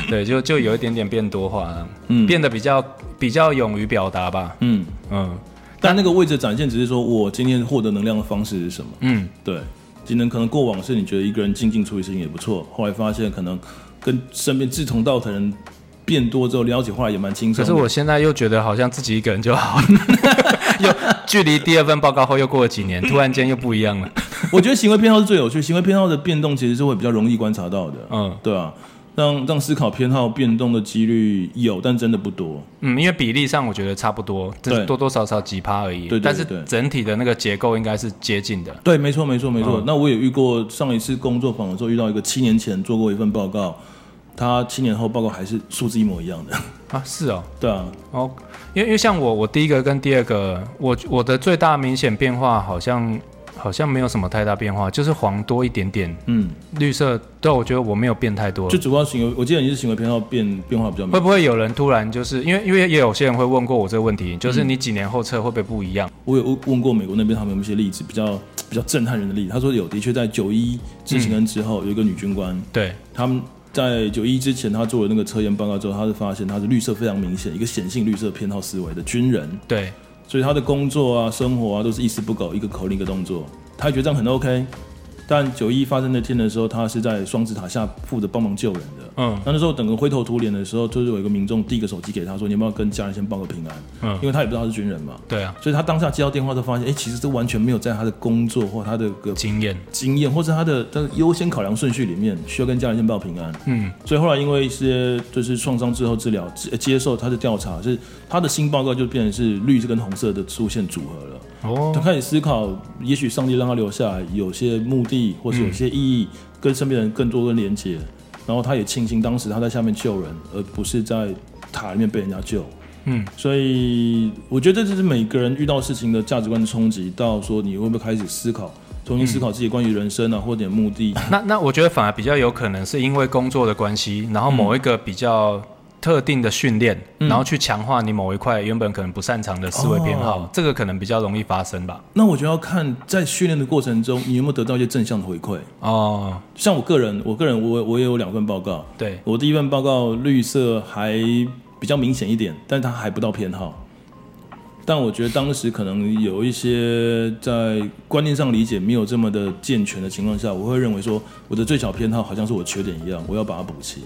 對，就就有一點點變多話，嗯，變得比較比較勇於表達吧，嗯嗯，但那個位置展現只是說我今天獲得能量的方式是什麼，嗯，對，今天可能過往是你覺得一個人靜靜處理事情也不錯，後來發現可能跟身邊志同道合的人變多之後了解話也蠻清楚。可是我現在又覺得好像自己一個人就好了。 距離第二份報告後又過了幾年，突然間又不一樣了。 我覺得行為偏好是最有趣，行為偏好的變動其實是會比較容易觀察到的。嗯，對啊，讓讓思考偏好變動的幾率有，但真的不多。嗯，因為比例上我覺得差不多，是多多少少幾趴而已。對對，對對。但是整體的那個結構應該是接近的。對，沒錯沒錯沒錯。嗯、那我也遇過，上一次工作坊的時候遇到一個七年前做過一份報告，他七年後報告還是數字一模一樣的啊？是哦，對啊，哦、oh.。因為因為像我，我第一個跟第二個，我我的最大明顯變化好像好像沒有什麼太大變化，就是黃多一點點，嗯，綠色，但我覺得我沒有變太多。就主要行為我記得你是行為偏好變變化比較明顯。會不會有人突然就是因為因為也有些人會問過我這個問題，就是你幾年後測會不會不一樣，嗯。我有問過美國那邊他們有一些例子，比較比較震撼人的例子，他說有的確在九一之前之後，嗯，有一個女軍官對他們。在九一之前，他做了那個測驗報告之後，他是發現他是綠色非常明顯，一個顯性綠色偏好思維的軍人。對，所以他的工作啊、生活啊都是一絲不苟，一個口令一個動作，他也覺得這樣很 OK。但九一發生那天的時候，他是在雙子塔下負責幫忙救人的。嗯，那那時候等個灰頭土臉的時候，就是有一個民眾遞個手機給他，說：“你有沒有跟家人先報個平安？”嗯，因為他也不知道他是軍人嘛。對啊，所以他當下接到電話，就發現，哎、欸，其實這完全沒有在他的工作或他的個經驗、經驗或者他的他的優先考量順序裡面需要跟家人先報平安。嗯，所以後來因為一些就是創傷之後治療、接接受他的調查，就是他的新報告就變成是綠色跟紅色的出現組合了。哦，他開始思考，也許上帝讓他留下來，有些目的，或是有些意義，跟身邊人更多的連接、嗯。然後他也慶幸當時他在下面救人，而不是在塔裡面被人家救。嗯，所以我覺得這是每個人遇到事情的價值觀衝擊，到說你會不會開始思考，重新思考自己關於人生啊，嗯、或者目的。那那我覺得反而比較有可能是因為工作的關係，然後某一個比較。嗯特定的訓練，然後去強化你某一塊原本可能不擅長的思維偏好，哦，這個可能比較容易發生吧。那我就要看在訓練的過程中，你有沒有得到一些正向的回饋。哦，像我個人，我個人我，我我也有兩份報告。對，我的一份報告綠色還比較明顯一點，但是它還不到偏好。但我覺得當時可能有一些在觀念上理解沒有這麼的健全的情況下，我會認為說我的最小偏好好像是我缺點一樣，我要把它補齊。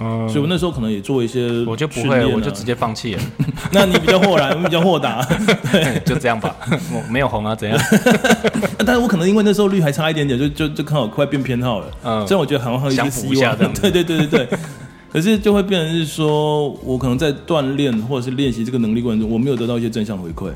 嗯，所以我那時候可能也做一些、啊，我就不會，我就直接放棄了。 那你比較豁然，我 比較豁達， 就這樣吧。我沒有紅啊，怎樣？ 但是我可能因為那時候綠還差一點點，就就就看我快變偏好了。嗯，所以我覺得還好，一直想一下的。對對對對對。 可是就會變成是說，我可能在鍛鍊或者是練習這個能力過程中，我沒有得到一些正向回饋。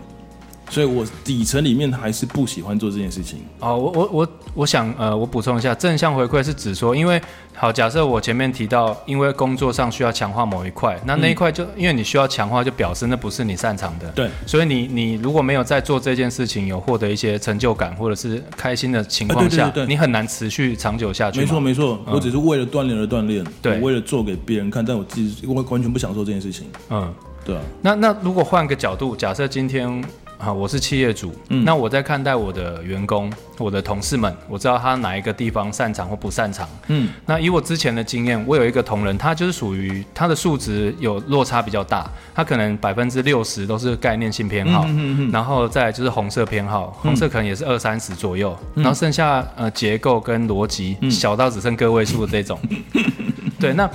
所以，我底層裡面還是不喜歡做這件事情。哦，我我我我想，呃，我補充一下，正向回饋是指說，因為好，假設我前面提到，因為工作上需要強化某一塊，那那一塊就、嗯、因為你需要強化，就表示那不是你擅長的。對。所以你你如果沒有在做這件事情有獲得一些成就感或者是開心的情況下、呃對對對對，你很難持續長久下去。沒錯沒錯、嗯，我只是為了鍛鍊而鍛鍊，對，我為了做給別人看，但我自己，我完全不享受這件事情。嗯，對啊。那那如果換個角度，假設今天。好，我是企業主。嗯，那我在看待我的員工、我的同事們，我知道他哪一個地方擅長或不擅長。嗯，那以我之前的經驗，我有一個同仁，他就是屬於他的數值有落差比較大，他可能百分之六十都是概念性偏好，嗯嗯嗯嗯然後再來就是紅色偏好、嗯，紅色可能也是二三十左右，嗯、然後剩下呃結構跟邏輯小到只剩個位數的這種。嗯、 對，那。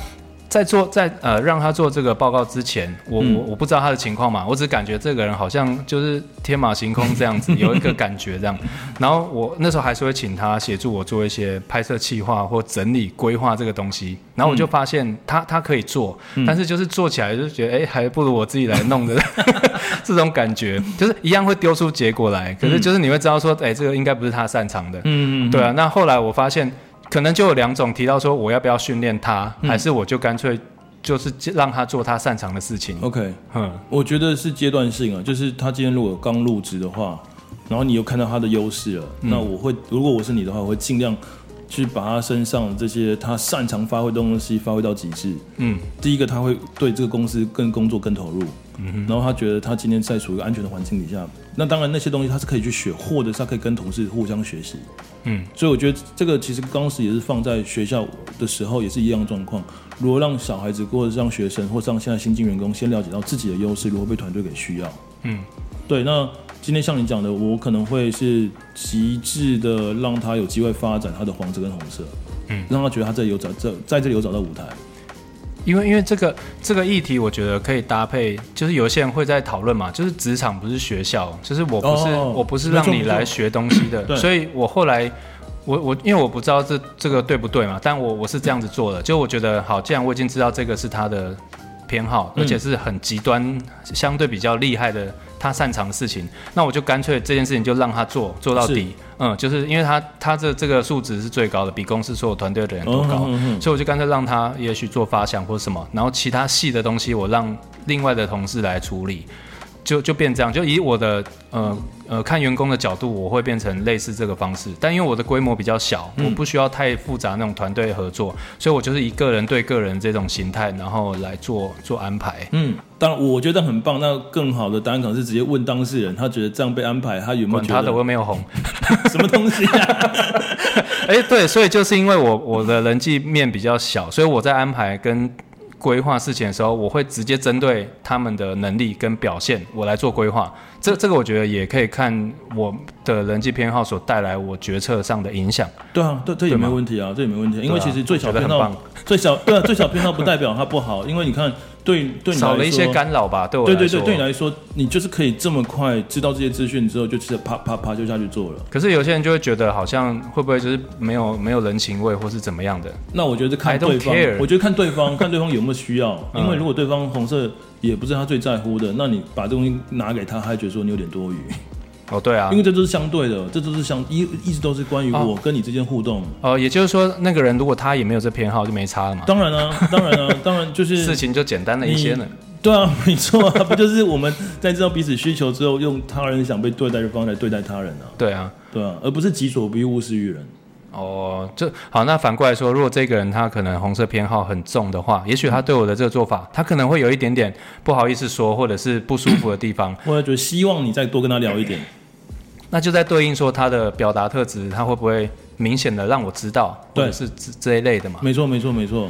在做在呃讓他做這個報告之前，我我我不知道他的情況嘛、嗯，我只感覺這個人好像就是天馬行空這樣子， 有一個感覺這樣。然後我那時候還是會請他協助我做一些拍攝計劃或整理規劃這個東西。然後我就發現他、嗯、他，他可以做，但是就是做起來就是覺得哎、欸，還不如我自己來弄的、嗯、 這種感覺，就是一樣會丟出結果來。可是就是你會知道說，哎、欸，這個應該不是他擅長的，嗯，嗯，嗯，對啊。那後來我發現。可能就有兩種提到說，我要不要訓練他、嗯，還是我就乾脆就是讓他做他擅長的事情。OK，嗯，我覺得是階段性啊，就是他今天如果剛入職的話，然後你又看到他的優勢了、嗯，那我會如果我是你的話，我會盡量去把他身上這些他擅長發揮的東西發揮到極致。嗯，第一個他會對這個公司更工作更投入。然後他覺得他今天在處於一個安全的環境底下，那當然那些東西他是可以去學，或者是他可以跟同事互相學習。嗯，所以我覺得這個其實當時也是放在學校的時候也是一樣狀況。如何讓小孩子或者讓學生或讓現在新進員工先了解到自己的優勢，如何被團隊給需要。嗯，對。那今天像你講的，我可能會是極致的讓他有機會發展他的黃色跟紅色，嗯，讓他覺得他這裡有找這在這裡有找到舞台。因為因為這個這個議題，我覺得可以搭配，就是有些人會在討論嘛，就是職場不是學校，就是我不是、哦、我不是讓你來學東西的，所以我後來我我因為我不知道這這個對不對嘛，但我我是這樣子做的，就我覺得好，既然我已經知道這個是他的偏好，而且是很極端，相對比較厲害的。嗯他擅長的事情，那我就乾脆這件事情就讓他做做到底。嗯，就是因為他他的這，這個數值是最高的，比公司所有團隊的人都高，Oh, 所以我就乾脆讓他也許做發想或什麼，然後其他細的東西我讓另外的同事來處理。就就變這樣，就以我的呃呃看員工的角度，我會變成類似這個方式。但因為我的規模比較小，我不需要太複雜那種團隊合作、嗯，所以我就是一個人對個人這種形態，然後來做做安排。嗯，當然我覺得很棒。那更好的答案可能是直接問當事人，他覺得這樣被安排，他有沒有覺得他的我都會沒有紅， 什麼東西？啊？哎、 欸，對，所以就是因為我我的人際面比較小，所以我在安排跟。規劃事情的時候，我會直接針對他們的能力跟表現，我來做規劃。這這個我覺得也可以看我的人際偏好所帶來我決策上的影響。對啊，對，對，這也沒問題啊，這也沒問題、啊。因為其實最小偏好、啊，最小對啊，最小偏好不代表它不好， 因為你看。對對你，少了一些干擾吧。對我，對對對，對你來說，你就是可以這麼快知道這些資訊之後，就直接啪啪啪就下去做了。可是有些人就會覺得，好像會不會就是沒有沒有人情味，或是怎麼樣的？那我覺得看對方，我覺得看對方， 看對方有沒有需要。因為如果對方紅色也不是他最在乎的，那你把東西拿給他，他還覺得說你有點多餘。哦，對啊，因為這都是相對的，這都是相一一直都是關於我跟你之間互動哦。哦，也就是說，那個人如果他也沒有這偏好，就沒差了嘛。當然啊，當然啊， 當然就是事情就簡單了一些呢。嗯、對啊，沒錯，啊，不就是我們在知道彼此需求之後，用他人想被對待的方式來對待他人呢、啊啊？對啊，對啊，而不是己所不欲，勿施於人。哦、oh,，這好。那反過來說，如果這個人他可能紅色偏好很重的話，也許他對我的這個做法，他可能會有一點點不好意思說，或者是不舒服的地方。我也覺得希望你再多跟他聊一點。 那就在對應說他的表達特質，他會不會明顯的讓我知道？對，或者是這一類的嘛？沒錯，沒錯，沒錯。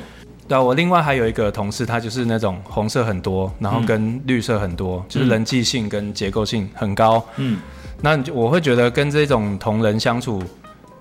對、啊、我另外還有一個同事，他就是那種紅色很多，然後跟綠色很多，嗯、就是人際性跟結構性很高。嗯，那我會覺得跟這種同人相處。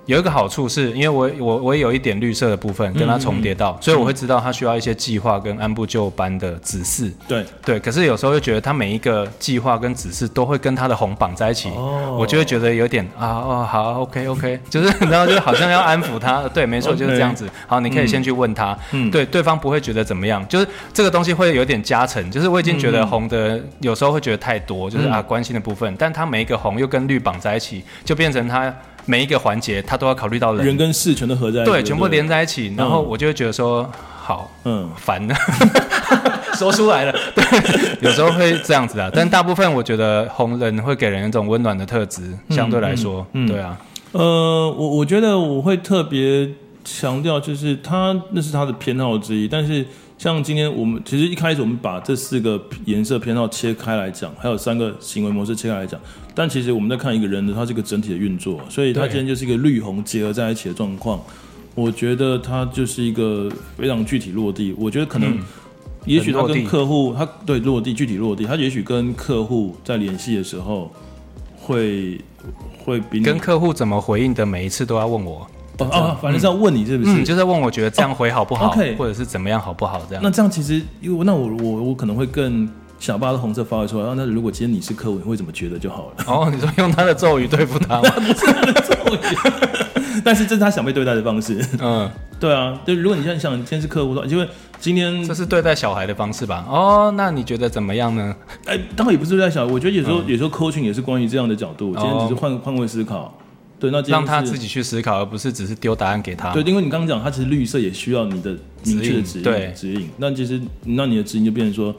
有一個好處是因為我我我也有一點綠色的部分跟它重疊到、嗯，所以我會知道它需要一些計劃跟按部就班的指示。對對，可是有時候又覺得它每一個計劃跟指示都會跟它的紅綁在一起、哦，我就會覺得有點啊哦、啊、好 OK OK， 就是然後就好像要安撫它， 對，沒錯、okay. 就是這樣子。好，你可以先去問他、嗯對嗯，對，對方不會覺得怎麼樣，就是這個東西會有點加乘，就是我已經覺得紅的有時候會覺得太多，就是啊、嗯、關心的部分，但它每一個紅又跟綠綁在一起，就變成它。每一個環節，他都要考慮到人，人跟事全都合在一起對，對，對，全部連在一起。然後我就會覺得說，嗯、好，嗯，煩， 說出來了。 對，有時候會這樣子啊。但大部分我覺得紅人會給人一種溫暖的特質，嗯、相對來說、嗯，對啊。呃，我我覺得我會特別強調，就是他那是他的偏好之一，但是。像今天我們其實一開始我們把這四個顏色偏好切開來講，還有三個行為模式切開來講，但其實我們在看一個人的他這個整體的運作，所以他今天就是一個綠紅結合在一起的狀況。我覺得他就是一個非常具體落地，我覺得可能，也許他跟客戶他對落地具體落地，他也許跟客戶在聯繫的時候會會比跟客戶怎麼回應的每一次都要問我。哦哦，反正是要問你是不是？你、嗯嗯、就在、是、問我覺得這樣回好不好、哦、okay, 或者是怎麼樣好不好？這樣。那這樣其實，因為那我我我可能會更想把他的紅色發揮出來。那如果今天你是客戶，你會怎麼覺得就好了？哦，你說用他的咒語對付他嗎， 不是他的咒語。 但是這是他想被對待的方式。嗯，對啊。對，如果你現在想今天是客戶的話，因為今天這是對待小孩的方式吧？哦，那你覺得怎麼樣呢？哎、欸，當然也不是對待小孩。我覺得有時候有時候 coaching 也是關於這樣的角度。今天只是換換、哦、位思考。對，那讓他自己去思考、嗯，而不是只是丟答案給他。對，因為你剛剛講，他其實綠色也需要你的明確的指引。指引。對，指引，那其實，那你的指引就變成說，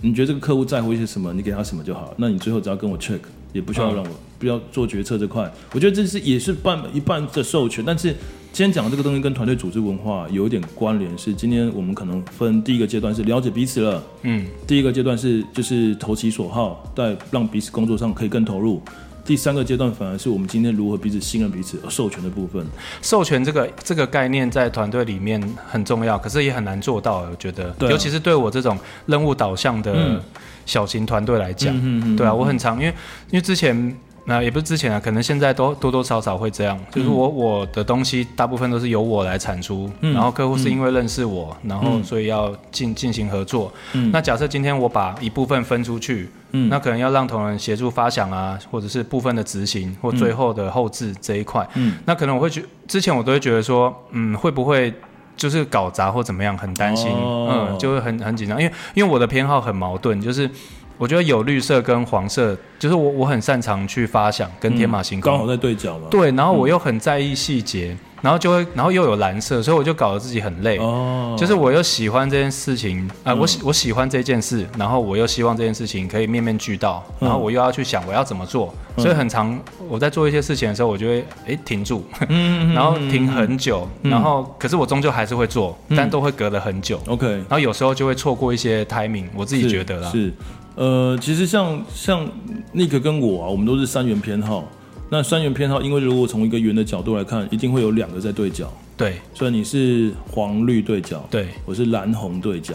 你覺得這個客戶在乎一些什麼，你給他什麼就好。那你最後只要跟我 check，也不需要讓我、嗯、不要做決策這塊。我覺得這是也是半一半的授權。但是今天講的這個東西跟團隊組織文化、啊、有一點關聯，是今天我們可能分第一個階段是了解彼此了。嗯。第一個階段是就是投其所好，在讓彼此工作上可以更投入。第三個階段反而是我們今天如何彼此信任彼此而授權的部分。授權這個這個概念在團隊裡面很重要，可是也很難做到，我覺得、對啊。尤其是對我這種任務導向的小型團隊來講、嗯嗯，對啊，我很常因為因為之前。那也不是之前啊，可能現在都多多少少會這樣。嗯、就是我我的東西大部分都是由我來產出，嗯、然後客戶是因為認識我，嗯、然後所以要進進行合作。嗯、那假設今天我把一部分分出去，嗯、那可能要讓同仁協助發想啊，或者是部分的執行或最後的後製這一塊、嗯。那可能我會覺，之前我都會覺得說，嗯，會不會就是搞砸或怎麼樣，很擔心、哦，嗯，就會很很緊張，因為因為我的偏好很矛盾，就是。我覺得有綠色跟黃色，就是我我很擅長去發想跟天馬行空，嗯、剛好在對角嘛。對，然後我又很在意細節，嗯，然後就會，然後又有藍色，所以我就搞得自己很累。哦，就是我又喜歡這件事情啊，呃嗯，我喜我喜歡這件事，然後我又希望這件事情可以面面俱到，嗯、然後我又要去想我要怎麼做，嗯、所以很常我在做一些事情的時候，我就會哎停住，嗯、 然後停很久，嗯、然後可是我終究還是會做，但都會隔了很久，OK、嗯、然後有時候就會錯過一些 timing，我自己覺得啦，是。是呃，其實像像 Nick 跟我啊，我們都是三元偏好。那三元偏好，因為如果從一個圓的角度來看，一定會有兩個在對角。對，所以你是黃綠對角，對，我是藍紅對角。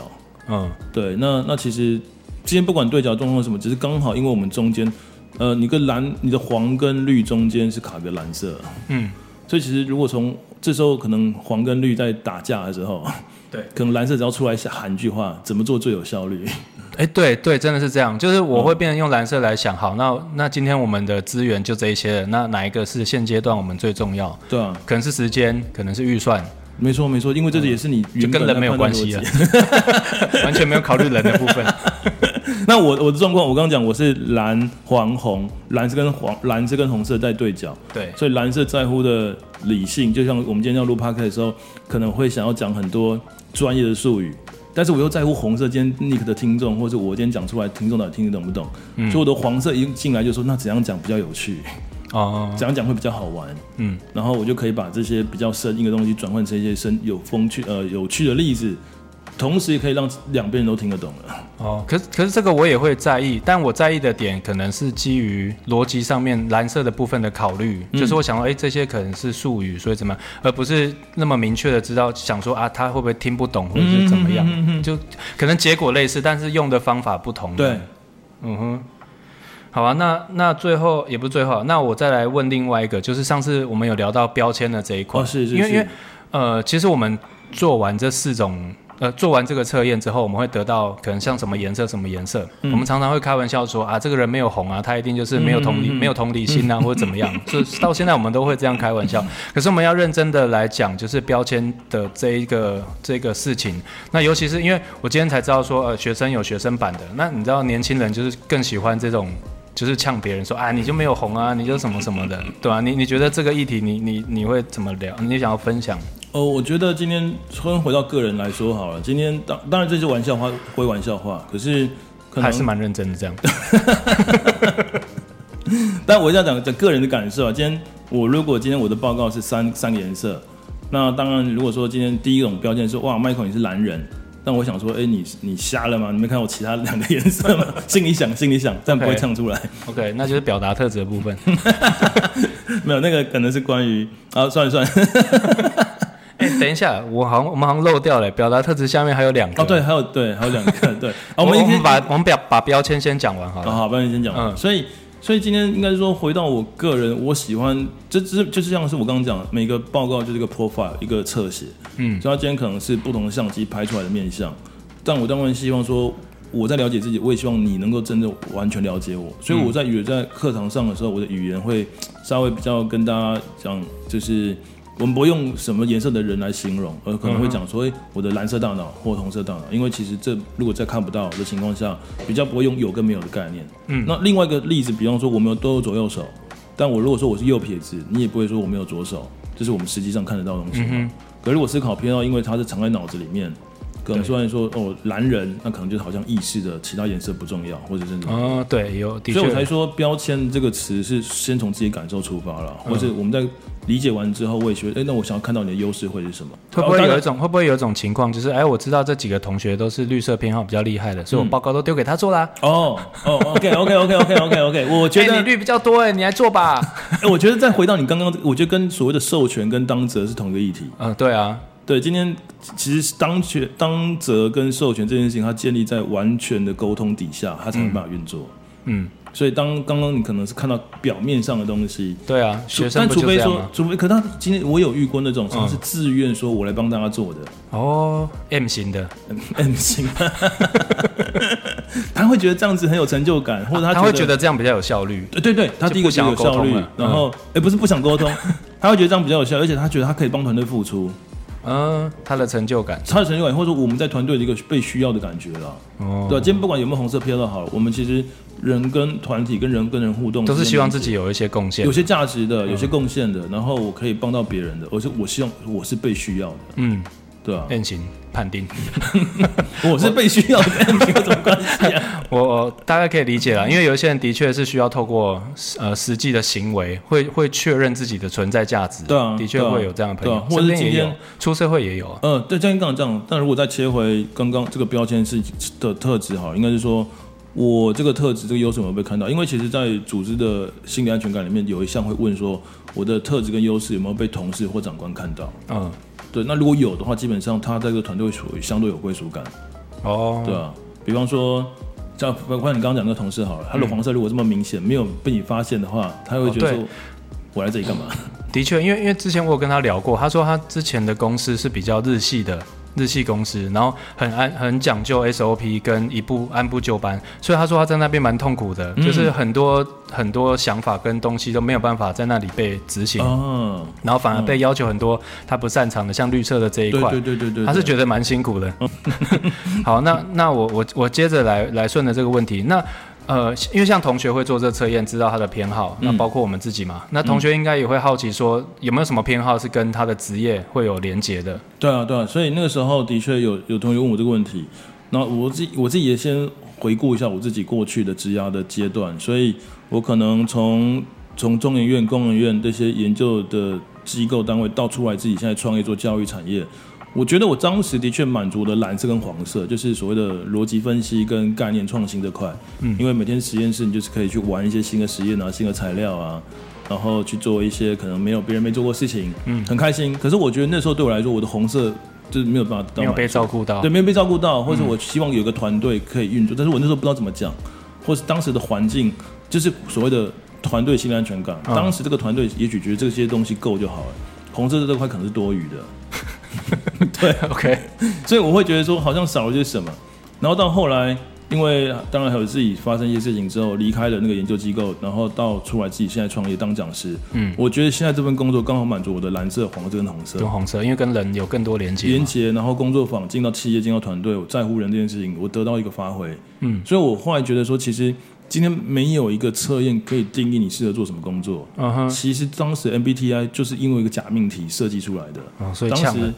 嗯，對。那那其實，今天不管對角的狀況是什麼，只是剛好因為我們中間，呃，你跟藍，你的黃跟綠中間是卡個藍色。嗯，所以其實如果從這時候可能黃跟綠在打架的時候。對，可能藍色只要出來是喊一句話，怎麼做最有效率？哎、欸，對對，真的是這樣，就是我會變成用藍色來想。嗯、好，那那今天我們的資源就這一些了。那哪一個是現階段我們最重要？對啊，可能是時間，可能是預算。沒錯沒錯，因為這個也是你、嗯、就跟人沒有關係了、啊， 完全沒有考慮人的部分。 那我我的狀況，我剛剛講我是藍黃紅，藍色跟黃藍色跟紅色在對角。對，所以藍色在乎的理性，就像我們今天要錄 PARK 的時候，可能會想要講很多專業的術語，但是我又在乎紅色今天 Nick 的聽眾，或者我今天講出來，聽眾到底聽得懂不懂？嗯？所以我的黃色一進來就說，那怎樣講比較有趣，哦、怎樣講會比較好玩？嗯，然後我就可以把這些比較生硬的東西轉換成一些生有風趣呃、有趣的例子。同時也可以讓兩邊人都聽得懂了。哦，可是可是這個我也會在意，但我在意的點可能是基於邏輯上面藍色的部分的考慮，嗯，就是我想說，哎，欸，這些可能是術語，所以怎麼樣，而不是那麼明確的知道想說啊，他會不會聽不懂或者是怎麼樣，嗯哼嗯哼嗯哼，就可能結果類似，但是用的方法不同。對，嗯哼，好吧，啊，那那最後也不是最後，那我再來問另外一個，就是上次我們有聊到標籤的這一塊，哦，是是是，因為因為呃，其實我們做完這四種。呃，做完這個測驗之後，我們會得到可能像什麼顏色什麼顏色、嗯。我們常常會開玩笑說啊，這個人沒有紅啊，他一定就是沒有同理、嗯嗯、沒有同理心啊，嗯、或者怎麼樣、嗯。就到現在我們都會這樣開玩笑。可是我們要認真的來講，就是標籤的這一個這個事情。那尤其是因為我今天才知道說，呃，學生有學生版的。那你知道年輕人就是更喜歡這種，就是嗆別人說啊，你就沒有紅啊，你就什麼什麼的，對啊，你你覺得這個議題你，你你你會怎麼聊？你想要分享？哦，我覺得今天先回到個人來說好了。今天當當然這些玩笑話歸玩笑話，可是可能還是蠻認真的這樣。 但我一定要講講個人的感受啊。今天我如果今天我的報告是三三個顏色，那當然如果說今天第一種標籤說哇，Michael 你是藍人，但我想說，哎、欸，你你瞎了嗎？你沒看到我其他兩個顏色嗎？ 心裡想，心裡想，但不會唱出來。OK，okay 那就是表達特質的部分。 沒有那個可能是關於啊，算了算了。 等一下，我好像我們好像漏掉了表達特質下面還有兩個哦，對，還有對，還有兩個 對,對、哦我。我們一們把我們表把,把標籤先講完好了，哦、好，標籤先講完。嗯，所以所以今天應該是說回到我個人，我喜歡，就是就是像是我剛剛講，每個報告就是一個 profile 一個側寫，嗯，所以他今天可能是不同的相機拍出來的面相，但我當然希望說我在了解自己，我也希望你能夠真的完全了解我，所以我在也、嗯、在課堂上的時候，我的語言會稍微比較跟大家講，就是。我們不會用什麼顏色的人來形容，而可能會講說，哎，我的藍色大腦或紅色大腦，因為其實這如果在看不到的情況下，比較不會用有跟沒有的概念。嗯，那另外一個例子，比方說我們都有左右手，但我如果說我是右撇子，你也不會說我沒有左手，這，就是我們實際上看得到的東西。嗯，可是如果思考偏好，因為它是藏在腦子裡面。可能雖然說哦藍人，那可能就是好像意識的其他顏色不重要，或者真、哦、的啊對有，所以我才說標籤這個詞是先從自己感受出發了、嗯，或者我們在理解完之後，我也覺得哎、欸，那我想要看到你的優勢會是什麼？會不會有一種、啊、會不會有一種情況就是哎、欸，我知道這幾個同學都是綠色偏好比較厲害的，所以我報告都丟給他做啦。嗯、哦哦，OK OK OK OK OK OK， 我覺得、欸、你綠比較多，哎，你來做吧。哎、 欸，我覺得再回到你剛剛，我覺得跟所謂的授權跟當責是同一個議題。嗯、呃，對啊。對，今天其實當權、當責跟授權這件事情，他建立在完全的溝通底下，他才能辦法運作。嗯，嗯，所以當剛剛你可能是看到表面上的東西，對啊，學生但除非說，除非可，他今天我有遇過那種，他是自願說我來幫大家做的。嗯、哦，M 型的，M 型， 他會覺得這樣子很有成就感，或者他，他會覺得這樣比較有效率。對對，他第一個想有效率，然後哎、嗯，不是不想溝通，他會覺得這樣比較有效，而且他覺得他可以幫團隊付出。嗯、呃，他的成就感，他的成就感，或者說我們在團隊的一個被需要的感覺了。哦，對，今天不管有沒有紅色飄了，好，我們其實人跟團體跟人跟人互動，都是希望自己有一些貢獻，有些價值的，有些貢獻的，嗯、然後我可以幫到別人的，而且我希望我是被需要的。嗯。對啊，戀情判定， 我是被需要的 有什麼關係啊、啊、我，我大概可以理解了，因為有一些人的確是需要透過呃實際的行為，會會確認自己的存在價值。對、啊，的確會有這樣的朋友，對啊對啊對啊、或者是今天出社會也有、啊。嗯、呃，對，這樣剛剛講，但如果再切回剛剛這個標籤是的特質，哈，應該是說我這個特質這個優勢有沒有被看到？因為其實在組織的心理安全感裡面有一項會問說，我的特質跟優勢有沒有被同事或長官看到？嗯。對，那如果有的話，基本上他在這個團隊屬於相對有歸屬感，哦、oh.，對啊，比方說，像，包括你剛剛講那個同事，好了，他的黃色如果這麼明顯，嗯、沒有被你發現的話，他會覺得說、oh, 我來這裡幹嘛？的確，因為因為之前我有跟他聊過，他說他之前的公司是比較日系的。日系公司，然後很按很講究 SOP 跟一步按部就班，所以他說他在那邊蠻痛苦的，嗯、就是很多很多想法跟東西都沒有辦法在那裡被執行，哦、然後反而被要求很多他不擅長的，嗯、像綠色的這一塊對對對對對對，他是覺得蠻辛苦的。 好，那那我我我接着來來順着這個問題，那。呃，因為像同學會做這測驗，知道他的偏好，那、嗯、包括我們自己嘛。嗯、那同學應該也會好奇說，有沒有什麼偏好是跟他的職業會有連接的？對啊，對啊。所以那個時候的確有有同學問我這個問題，那我自我自己也先回顧一下我自己過去的職涯的階段，所以我可能從從中研院、工研院這些研究的機構單位到出來，自己現在創業做教育產業。我覺得我當時的確滿足了藍色跟黃色，就是所謂的邏輯分析跟概念創新這塊。嗯，因為每天實驗室你就是可以去玩一些新的實驗啊、新的材料啊，然後去做一些可能沒有別人沒做過事情。嗯，很開心。可是我覺得那時候對我來說，我的紅色就是沒有辦法到，沒有被照顧到。對，沒有被照顧到，或者我希望有個團隊可以運作、嗯，但是我那時候不知道怎麼講，或是當時的環境就是所謂的團隊心理安全感、嗯。當時這個團隊也許覺得這些東西夠就好了，紅色的這塊可能是多餘的。 對，OK，所以我會覺得說好像少了些什麼，然後到後來，因為當然還有自己發生一些事情之後，離開了那個研究機構，然後到出來自己現在創業當講師。嗯，我覺得現在這份工作剛好滿足我的藍色、黃色跟紅色。跟紅色，因為跟人有更多連結，連結，然後工作坊進到企業、進到團隊，我在乎人這件事情，我得到一個發揮。嗯，所以我後來覺得說，其實。今天沒有一個測驗可以定義你適合做什麼工作。嗯哼，其實當時 MBTI 就是因為一個假命題設計出來的，所以，Uh-huh. 當時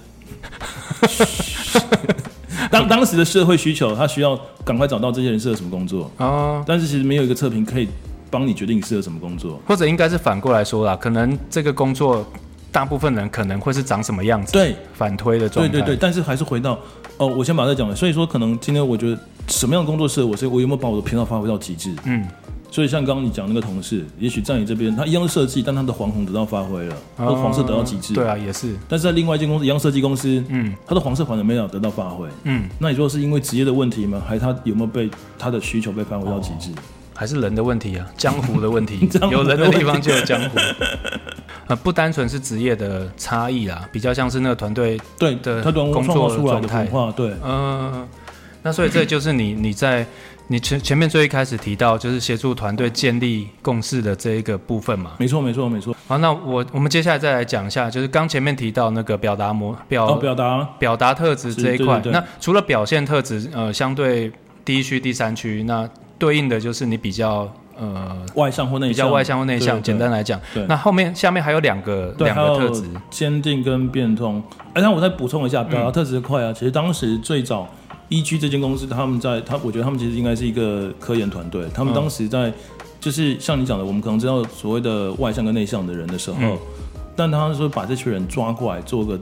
，Uh-huh. 當當時的社會需求，他需要趕快找到這些人適合什麼工作啊。Uh-huh. 但是其實沒有一個測評可以幫你決定你適合什麼工作，或者應該是反過來說啦，可能這個工作大部分人可能會是長什麼樣子？對，反推的狀態。對對對，但是還是回到。哦，我先把它講了。所以說，可能今天我覺得什麼樣的工作適合我，我有沒有把我的偏好發揮到極致？嗯。所以像剛剛你講那個同事，也許在你這邊，他一樣設計，但他的黃紅得到發揮了、呃，他的黃色得到極致。對啊，也是。但是在另外一間公司，一樣設計公司，嗯，他的黃色、反而沒有得到發揮。嗯。那你說是因為職業的問題嗎？還是他有沒有被他的需求被發揮到極致？哦、還是人的問題啊？江湖的問題 江湖的問題，有人的地方就有江湖。 呃，不單純是職業的差異啦，比較像是那個團隊對的工作的狀態，對，嗯、呃，那所以這就是你你在你前前面最一開始提到，就是協助團隊建立共識的這一個部分嘛？沒錯，沒錯，沒錯。好，那我我們接下來再來講一下，就是剛前面提到那個表達模表、哦、表達表達特質這一塊對對對。那除了表現特質，呃，相對第一區、第三區，那對應的就是你比較。呃，外向或內向，外向或內向，對對對。簡單來講，那後面下面還有兩個兩個特質，堅定跟變通。哎、欸，那我再補充一下，表達、嗯、特質的快啊。其實當時最早 EG 這間公司，他們在他，我覺得他們其實應該是一個科研團隊。他們當時在，嗯、就是像你講的，我們可能知道所謂的外向跟內向的人的時候，嗯、但他說把這群人抓過來做個。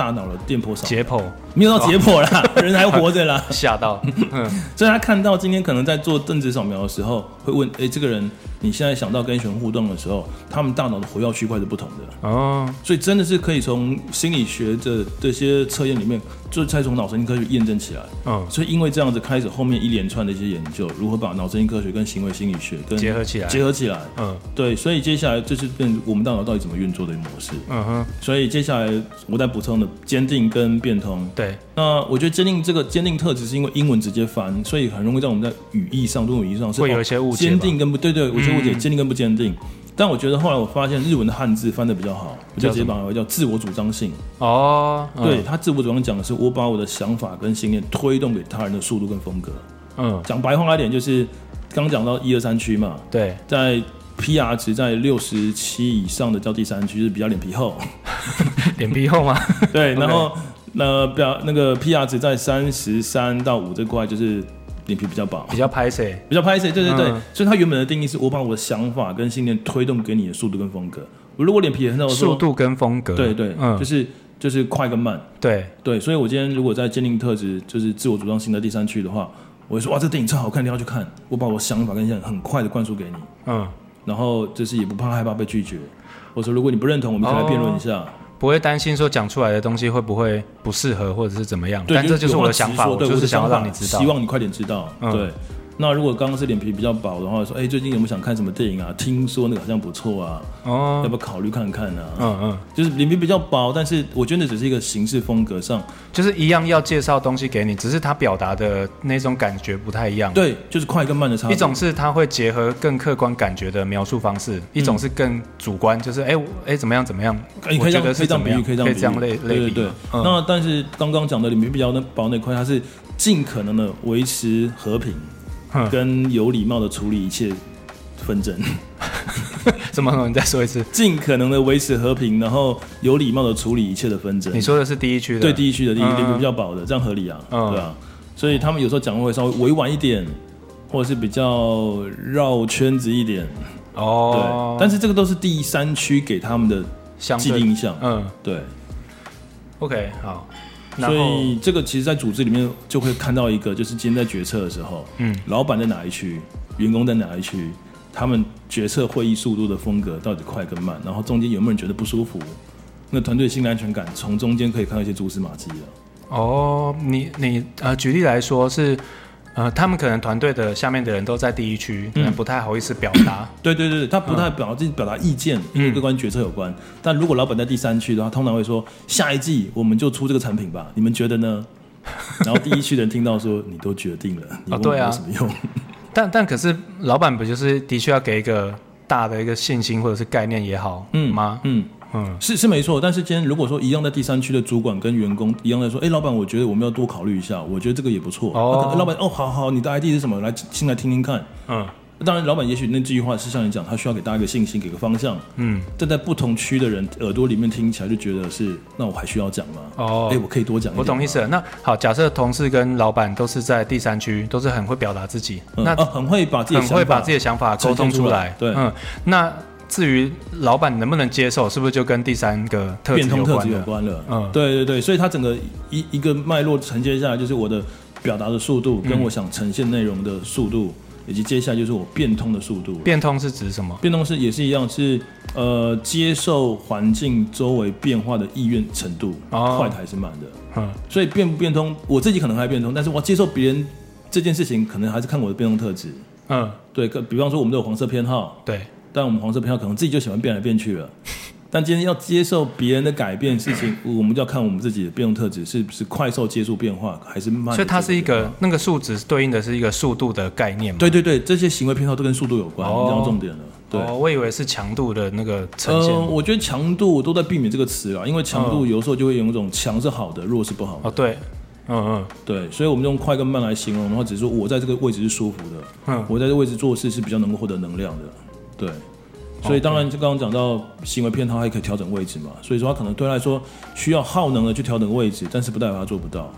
大腦的電波掃描，解剖沒有到解剖啦，哦、人還活着啦，嚇 到！ 所以，他看到今天可能在做電子掃描的時候，會問：哎、欸，這個人。你現在想到跟一群互動的時候，他們大腦的活躍區塊是不同的、oh. 所以真的是可以從心理學的這些測驗裡面，就再從腦神經科學驗證起來。嗯、oh.，所以因為這樣子開始，後面一連串的一些研究，如何把腦神經科學跟行為心理學跟結合起來結合起來。嗯，uh. 對，所以接下來就是變我們大腦到底怎麼運作的一個模式。嗯哼，所以接下來我再補充的堅定跟變通。對。那我覺得“堅定”這個“堅定”特質，是因為英文直接翻，所以很容易在我們在語義上、中文語義上是會有一些誤解。哦，堅定跟不，對，對，對，有些誤解，堅定跟不堅定、嗯。但我覺得後來我發現日文的漢字翻的比較好，比較直接，把它叫“自我主張性”哦。哦、嗯，對，他自我主張講的是我把我的想法跟信念推動給他人的速度跟風格。嗯，講白話一點就是，剛講到一二三區嘛，對，在 PR 值，在六十七以上的叫第三區，是比較臉皮厚，臉 皮厚嗎？對，然後。Okay. 那、呃、表那個 P R 值在三十三到五這塊，就是臉皮比較薄，比較拍 C，比較拍 C，對對對、嗯。所以它原本的定義是，我把我的想法跟信念推動給你的速度跟風格。我如果臉皮很厚，速度跟風格，對對,對，嗯，就是就是快跟慢，對對。所以我今天如果在堅定特質，就是自我主張性的第三區的話，我會說哇，這個、電影超好看，你要去看。我把我想法跟信念很快的灌輸給你，嗯，然後就是也不怕害怕被拒絕。我說如果你不認同，我們再來辯論一下。哦不會擔心說講出來的東西會不會不適合或者是怎麼樣，但這就是我的想法，我就是想要讓你知道，希望你快點知道，對。那如果剛剛是臉皮比較薄的話說，說、欸、哎最近有沒有想看什麼電影啊？聽說那個好像不錯啊，哦，要不要考慮看看呢、啊？嗯嗯，就是臉皮比較薄，但是我覺得那只是一個形式風格上，就是一樣要介紹東西給你，只是他表達的那種感覺不太一樣。對，就是快跟慢的差。一種是他會結合更客觀感覺的描述方式，一種是更主觀，就是哎哎、欸欸、怎麼樣，怎麼樣、欸、可以樣怎麼樣，可以這樣比喻，可以可以這樣類類比。對對對、對、嗯。那但是剛剛講的臉皮比較那薄那塊，他是盡可能的維持和平。跟有禮貌的處理一切紛爭 什麼？你再說一次？盡 可能的維持和平，然後有禮貌的處理一切的紛爭。你說的是第一區的，對第一區的第一，第、嗯、個比較保的，這樣合理啊？嗯、對啊。所以他們有時候講話會稍微委婉一點，或者是比較繞圈子一點。哦。對，但是這個都是第三區給他們的相，既定印象。嗯，對。OK，好。所以這個其實，在組織裡面就會看到一個，就是今天在決策的時候，嗯，老板在哪一區，員工在哪一區，他們決策會議速度的風格到底快跟慢，然後中間有沒有人覺得不舒服，那團隊心理安全感從中間可以看到一些蛛絲馬跡的哦，你你呃，舉例來說是。呃、他們可能團隊的下面的人都在第一區，可能不太好意思表達、嗯。 對對對，他不太表自己、嗯、表達意見，因為跟決策有關。嗯、但如果老板在第三區的話，通常會說：“下一季我們就出這個產品吧，你們覺得呢？”然後第一區的人聽到說：“ 你都決定了，你問有什麼用？”哦對啊、 但但可是老板不就是的確要給一個大的一個信心或者是概念也好，嗯嗎？嗯。嗯嗯，是是沒錯，但是今天如果說一樣在第三區的主管跟員工一樣的說，哎、欸，老闆，我覺得我們要多考慮一下，我覺得這個也不錯。哦，哦，可能老闆，哦，好好，你的 ID 是什麼？來，先來聽聽看。嗯，當然，老闆也許那句話是像你講，他需要給大家一個信心，給個方向。嗯，但在不同區的人耳朵裡面聽起來就覺得是，那我還需要講嗎？哦，哦，哎、欸，我可以多講。我懂意思了。那好，假設同事跟老闆都是在第三區，都是很會表達自己，嗯、那、啊、很會把自己很會把自己的想法溝通出來。對，嗯，那。至於老闆能不能接受，是不是就跟第三個變通特質有關了？嗯，對對對，所以它整個一一個脈絡承接下來，就是我的表達的速度，跟我想呈現內容的速度，嗯，以及接下來就是我變通的速度。變通是指什麼？變通是也是一樣，是呃接受環境周圍變化的意願程度，快的還是慢的？嗯，所以變不變通，我自己可能還變通，但是我接受別人這件事情，可能還是看我的變通特質。嗯，對，比方說我們都有黃色偏好。對。但我們黃色偏好可能自己就喜歡變來變去了，但今天要接受別人的改變事情，我們就要看我們自己的變動特質是不是快速接觸變化，還是慢。所以它是一個、這個、那個數值對應的是一個速度的概念。對對對，這些行為偏好都跟速度有關。哦，重點了。對、哦，我以為是強度的那個呈現。呃、我覺得強度都在避免這個詞啊，因為強度有時候就會有一種強是好的，弱是不好的。哦，對，嗯嗯，對，所以我們用快跟慢來形容的話，只是說我在這個位置是舒服的，嗯，我在這個位置做事是比較能夠獲得能量的。對，所以當然就剛剛講到行為偏好還可以調整位置嘛，所以說他可能對他來說需要耗能的去調整位置，但是不代表他做不到。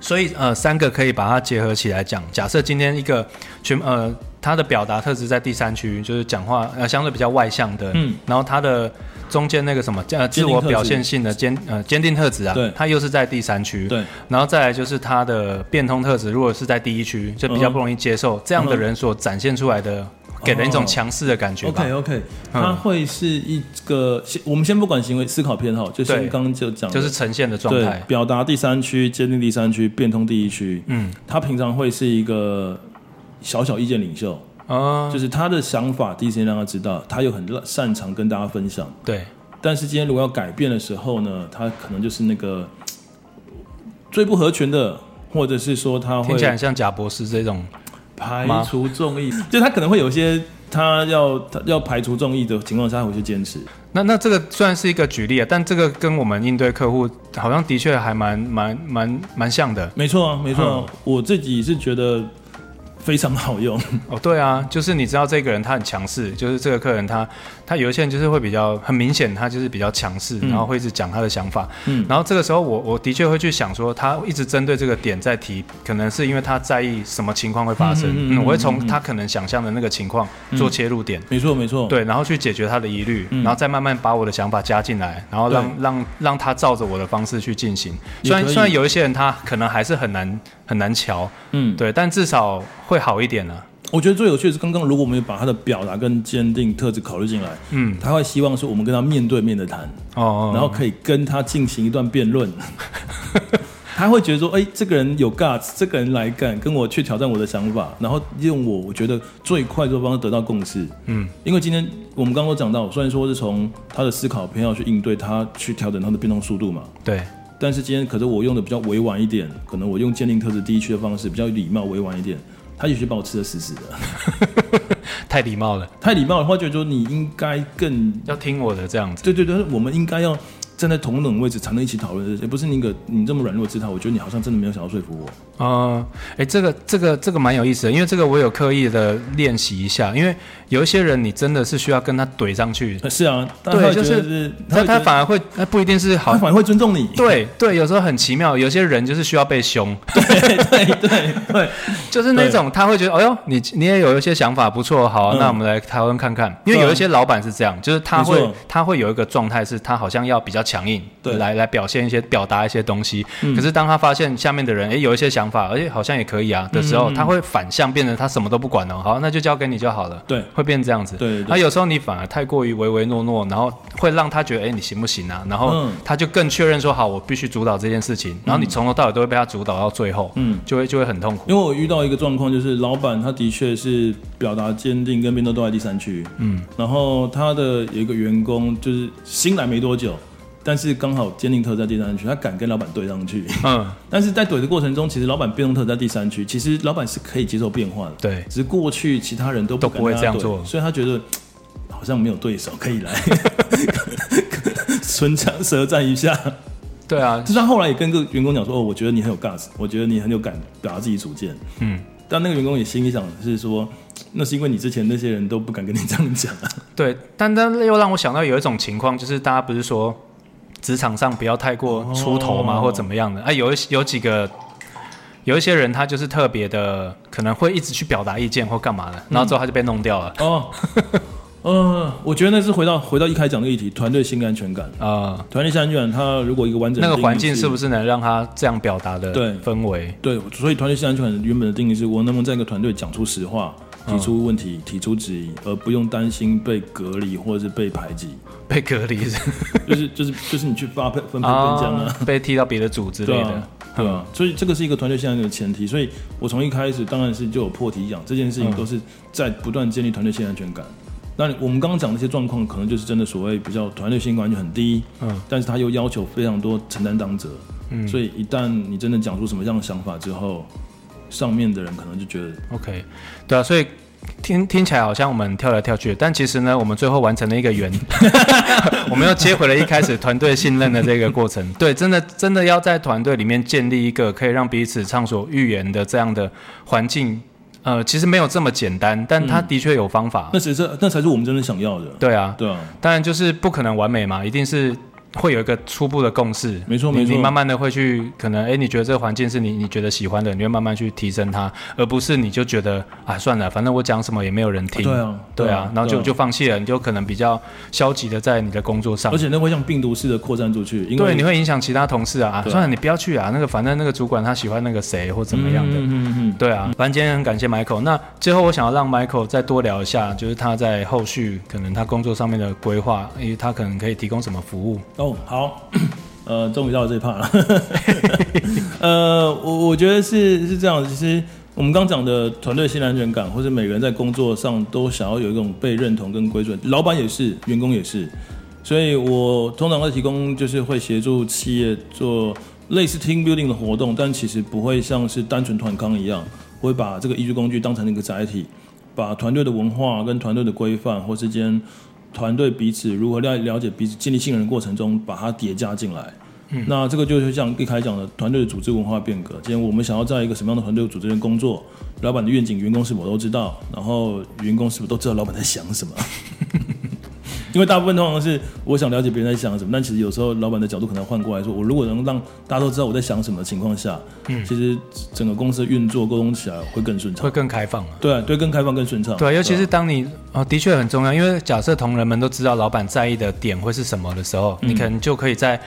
所以呃，三個可以把它結合起來講。假設今天一個全呃他的表達特質在第三區，就是講話呃相對比較外向的，嗯，然後他的中間那個什麼呃自我表現性的堅呃堅定特質啊，對，他又是在第三區，對，然後再來就是他的變通特質，如果是在第一區，就比較不容易接受、嗯、這樣的人所展現出來的。給人一種強勢的感覺 OK OK，、嗯、他會是一個，我們先不管行為思考偏好，就是剛剛就講，就是呈現的狀態。對，表達第三區，堅定第三區，變通第一區。嗯，他平常會是一個小小意見領袖啊、嗯，就是他的想法，第一時間讓他知道，他又很擅長跟大家分享。對，但是今天如果要改變的時候呢，他可能就是那個最不合群的，或者是說他會聽起來像賈博士這種。排除眾議，就他可能會有一些他要他要排除眾議的情況下我就，他會去堅持。那那這個雖然是一個舉例啊，但這個跟我們應對客戶好像的確還蠻蠻蠻蠻像的。沒錯啊，沒錯啊，嗯，我自己是覺得。非常好用哦，oh, 對啊，就是你知道這個人他很強勢，就是這個客人他他有一些人就是會比較很明顯，他就是比較強勢，嗯，然後會一直講他的想法，嗯，然後這個時候我我的確會去想說他一直針對這個點在提，可能是因為他在意什麼情況會發生，嗯，嗯嗯嗯嗯嗯我會從他可能想象的那個情況做切入點，嗯，沒錯沒錯，對，然後去解決他的疑慮，嗯，然後再慢慢把我的想法加進來，然後讓讓讓他照着我的方式去進行，雖然雖然有一些人他可能還是很難。很難瞧，嗯，對，但至少會好一點呢、啊。我覺得最有趣的是剛剛，如果我們把他的表達跟堅定特質考慮進來，嗯，他會希望說我們跟他面對面的談，哦，然後可以跟他進行一段辯論， 他會覺得說，哎、欸，這個人有 g u t 這個人來幹，跟我去挑戰我的想法，然後用我，我覺得最快就方他得到共識，嗯，因為今天我們剛剛都講到，雖然說是從他的思考偏要去應對他，去調整他的變動速度嘛，對。但是今天可是我用的比較委婉一點，可能我用堅定特質第一區的方式比較禮貌委婉一點，他也許把我吃的死死的， 太禮貌了，太禮貌的話，覺得說你應該更要聽我的這樣子，對對對，我們應該要站在同等位置才能一起討論，也不是那個你這麼軟弱姿態。我覺得你好像真的沒有想要說服我啊，哎、呃欸，這個這個這個蠻有意思的，因為這個我有刻意的練習一下，因為。有一些人，你真的是需要跟他懟上去。是啊，但對，就是他他反而會，他不一定是好，他反而會尊重你。對對，有時候很奇妙，有些人就是需要被凶。對對對 對,對,對，就是那種他會覺得，哎呦，你你也有一些想法，不錯，好、啊嗯，那我們來討論看看。因為有一些老板是這樣，就是他會他會有一個狀態，是他好像要比較強硬，來來表現一些表達一些東西。可是當他發現下面的人哎有一些想法，而且好像也可以啊嗯嗯的時候，他會反向變成他什麼都不管了，好、啊，那就交給你就好了。對。會變這樣子，對。那、啊、有時候你反而太過於唯唯諾諾，然後會讓他覺得，哎、欸，你行不行啊？然後他就更確認說、嗯，好，我必須主導這件事情。然後你從頭到尾都會被他主導到最後，嗯，就會就會很痛苦。因為我遇到一個狀況，就是老闆他的確是表達堅定，跟改變都在第三區，嗯。然後他的有一個員工，就是新來沒多久，但是剛好堅定特在第三區，他敢跟老板懟上去。嗯，但是在懟的過程中，其實老板變動特在第三區，其實老板是可以接受變化的。對，只是過去其他人都不他都不會這樣做，所以他覺得好像沒有對手可以來唇槍舌戰一下。對啊，就算、是、後來也跟個員工講說：“哦，我覺得你很有 guts，我覺得你很有敢表達自己主見。”嗯，但那個員工也心裡想是說：“那是因為你之前那些人都不敢跟你這樣講。”對，但但又讓我想到有一種情況，就是大家不是說。職場上不要太過出頭嘛，哦、或怎麼樣的？啊，有有幾個，有一些人他就是特別的，可能會一直去表達意見或幹嘛的，嗯、然後之後他就被弄掉了。哦， 嗯、呃，我覺得那是回到回到一開講的議題，團隊心理安全感啊，團隊安全感，啊、全感他如果一個完整的環、那個、境是不是能讓他這樣表達的？對，氛圍，對，所以團隊心理安全感原本的定義是：我能不能在一個團隊講出實話？提出問題、提出質疑，而不用擔心被隔離或者是被排擠。被隔離，就是，就是就是就是你去發配、分配邊疆啊、哦，被踢到別的組之類的，對吧、啊啊嗯。所以這個是一個團隊性安全的前提。所以我從一開始當然是就有破題講這件事情，都是在不斷建立團隊性安全感。那我們剛剛講那些狀況，可能就是真的所謂比較團隊性安全感很低。嗯，但是他又要求非常多承擔當責。嗯，所以一旦你真的講出什麼樣的想法之後，上面的人可能就覺得 OK，對啊，所以聽聽起來好像我們跳來跳去，但其實呢，我們最後完成了一個圓， 我們又接回了一開始團隊信任的這個過程。 對，真的真的要在團隊裡面建立一個可以讓彼此暢所欲言的這樣的環境，呃，其實沒有這麼簡單，但他的確有方法。那只是，那才是我們真的想要的。對啊，對啊，當然就是不可能完美嘛，一定是。會有一個初步的共識，沒錯沒錯，你慢慢的會去可能，哎，你覺得這個環境是你你覺得喜歡的，你會慢慢去提升它，而不是你就覺得，哎、啊，算了，反正我講什麼也沒有人聽。對啊對啊，對啊，然後就、啊、就放棄了，你就可能比較消極的在你的工作上，而且那會像病毒似的擴散出去，因為對你會影響其他同事啊，啊，啊，算了，你不要去啊，那個反正那個主管他喜歡那個誰或怎麼樣的，嗯對啊嗯，反正今天很感謝 Michael，那最後我想要讓 Michael 再多聊一下，就是他在後續可能他工作上面的規劃，因為他可能可以提供什麼服務。哦 Oh, 好， 呃，終於到了這一趴了。 呃，我我覺得是是這樣，其實我們剛講的團隊新的安全感，或者每個人在工作上都想要有一種被認同跟歸準，老闆也是，員工也是。所以我通常會提供，就是會協助企業做類似 team building 的活動，但其實不會像是單純團康一樣，會把這個 EG 工具當成一個載體，把團隊的文化跟團隊的規範或之間。團隊彼此如何了了解彼此建立信任的過程中，把它疊加進來。嗯，那這個就是像一開始講的團隊的組織文化變革。今天我們想要在一個什麼樣的團隊組織內工作？老板的願景，員工,員工是否都知道？然後員工是不是都知道老板在想什麼？ 因為大部分通常是我想了解別人在想什麼，但其實有時候老闆的角度可能換過來說，我如果能讓大家都知道我在想什麼的情況下，嗯，其實整個公司運作溝通起來會更順暢，會更開放、啊。對、啊、對，更開放更順暢。對、啊對啊，尤其是當你啊、哦，的確很重要，因為假設同仁們都知道老闆在意的點會是什麼的時候，嗯、你可能就可以在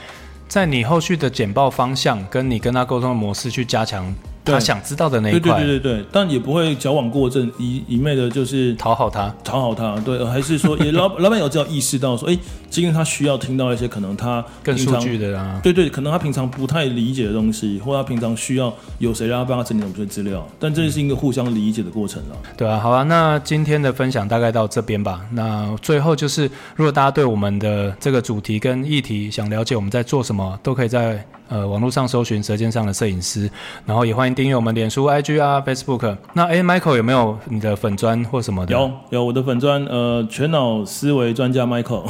在你後續的簡報方向跟你跟他溝通的模式去加強。他想知道的那一塊，對對對對，但也不會矯枉過正，一一昧的就是討好他，討好他，對，還是說也老闆 老板有這樣意識到說，哎、欸，今天他需要聽到一些可能他更數據的啊，對，對對，可能他平常不太理解的東西，或他平常需要有誰來幫他整理某些資料，但這是一個互相理解的過程啊，嗯、對啊好啊。那今天的分享大概到這邊吧。那最後就是，如果大家對我們的這個主題跟議題想了解我們在做什麼，都可以在。呃，網絡上搜尋《舌尖上的攝影師》，然後也歡迎訂閱我們臉書、IG 啊、Facebook。那哎、欸、，Michael 有沒有你的粉專或什麼的？有，有我的粉專。呃，全腦思維專家 Michael，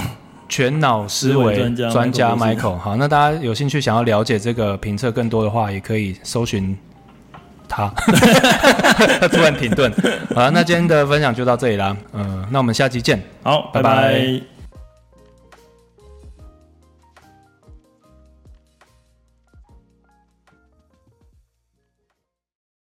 全腦思維專家，家 Michael。好，那大家有興趣想要了解這個評測更多的話，也可以搜尋他。 突然停頓。 好，那今天的分享就到這裡啦。嗯、呃，那我們下集見。好，拜拜。拜拜。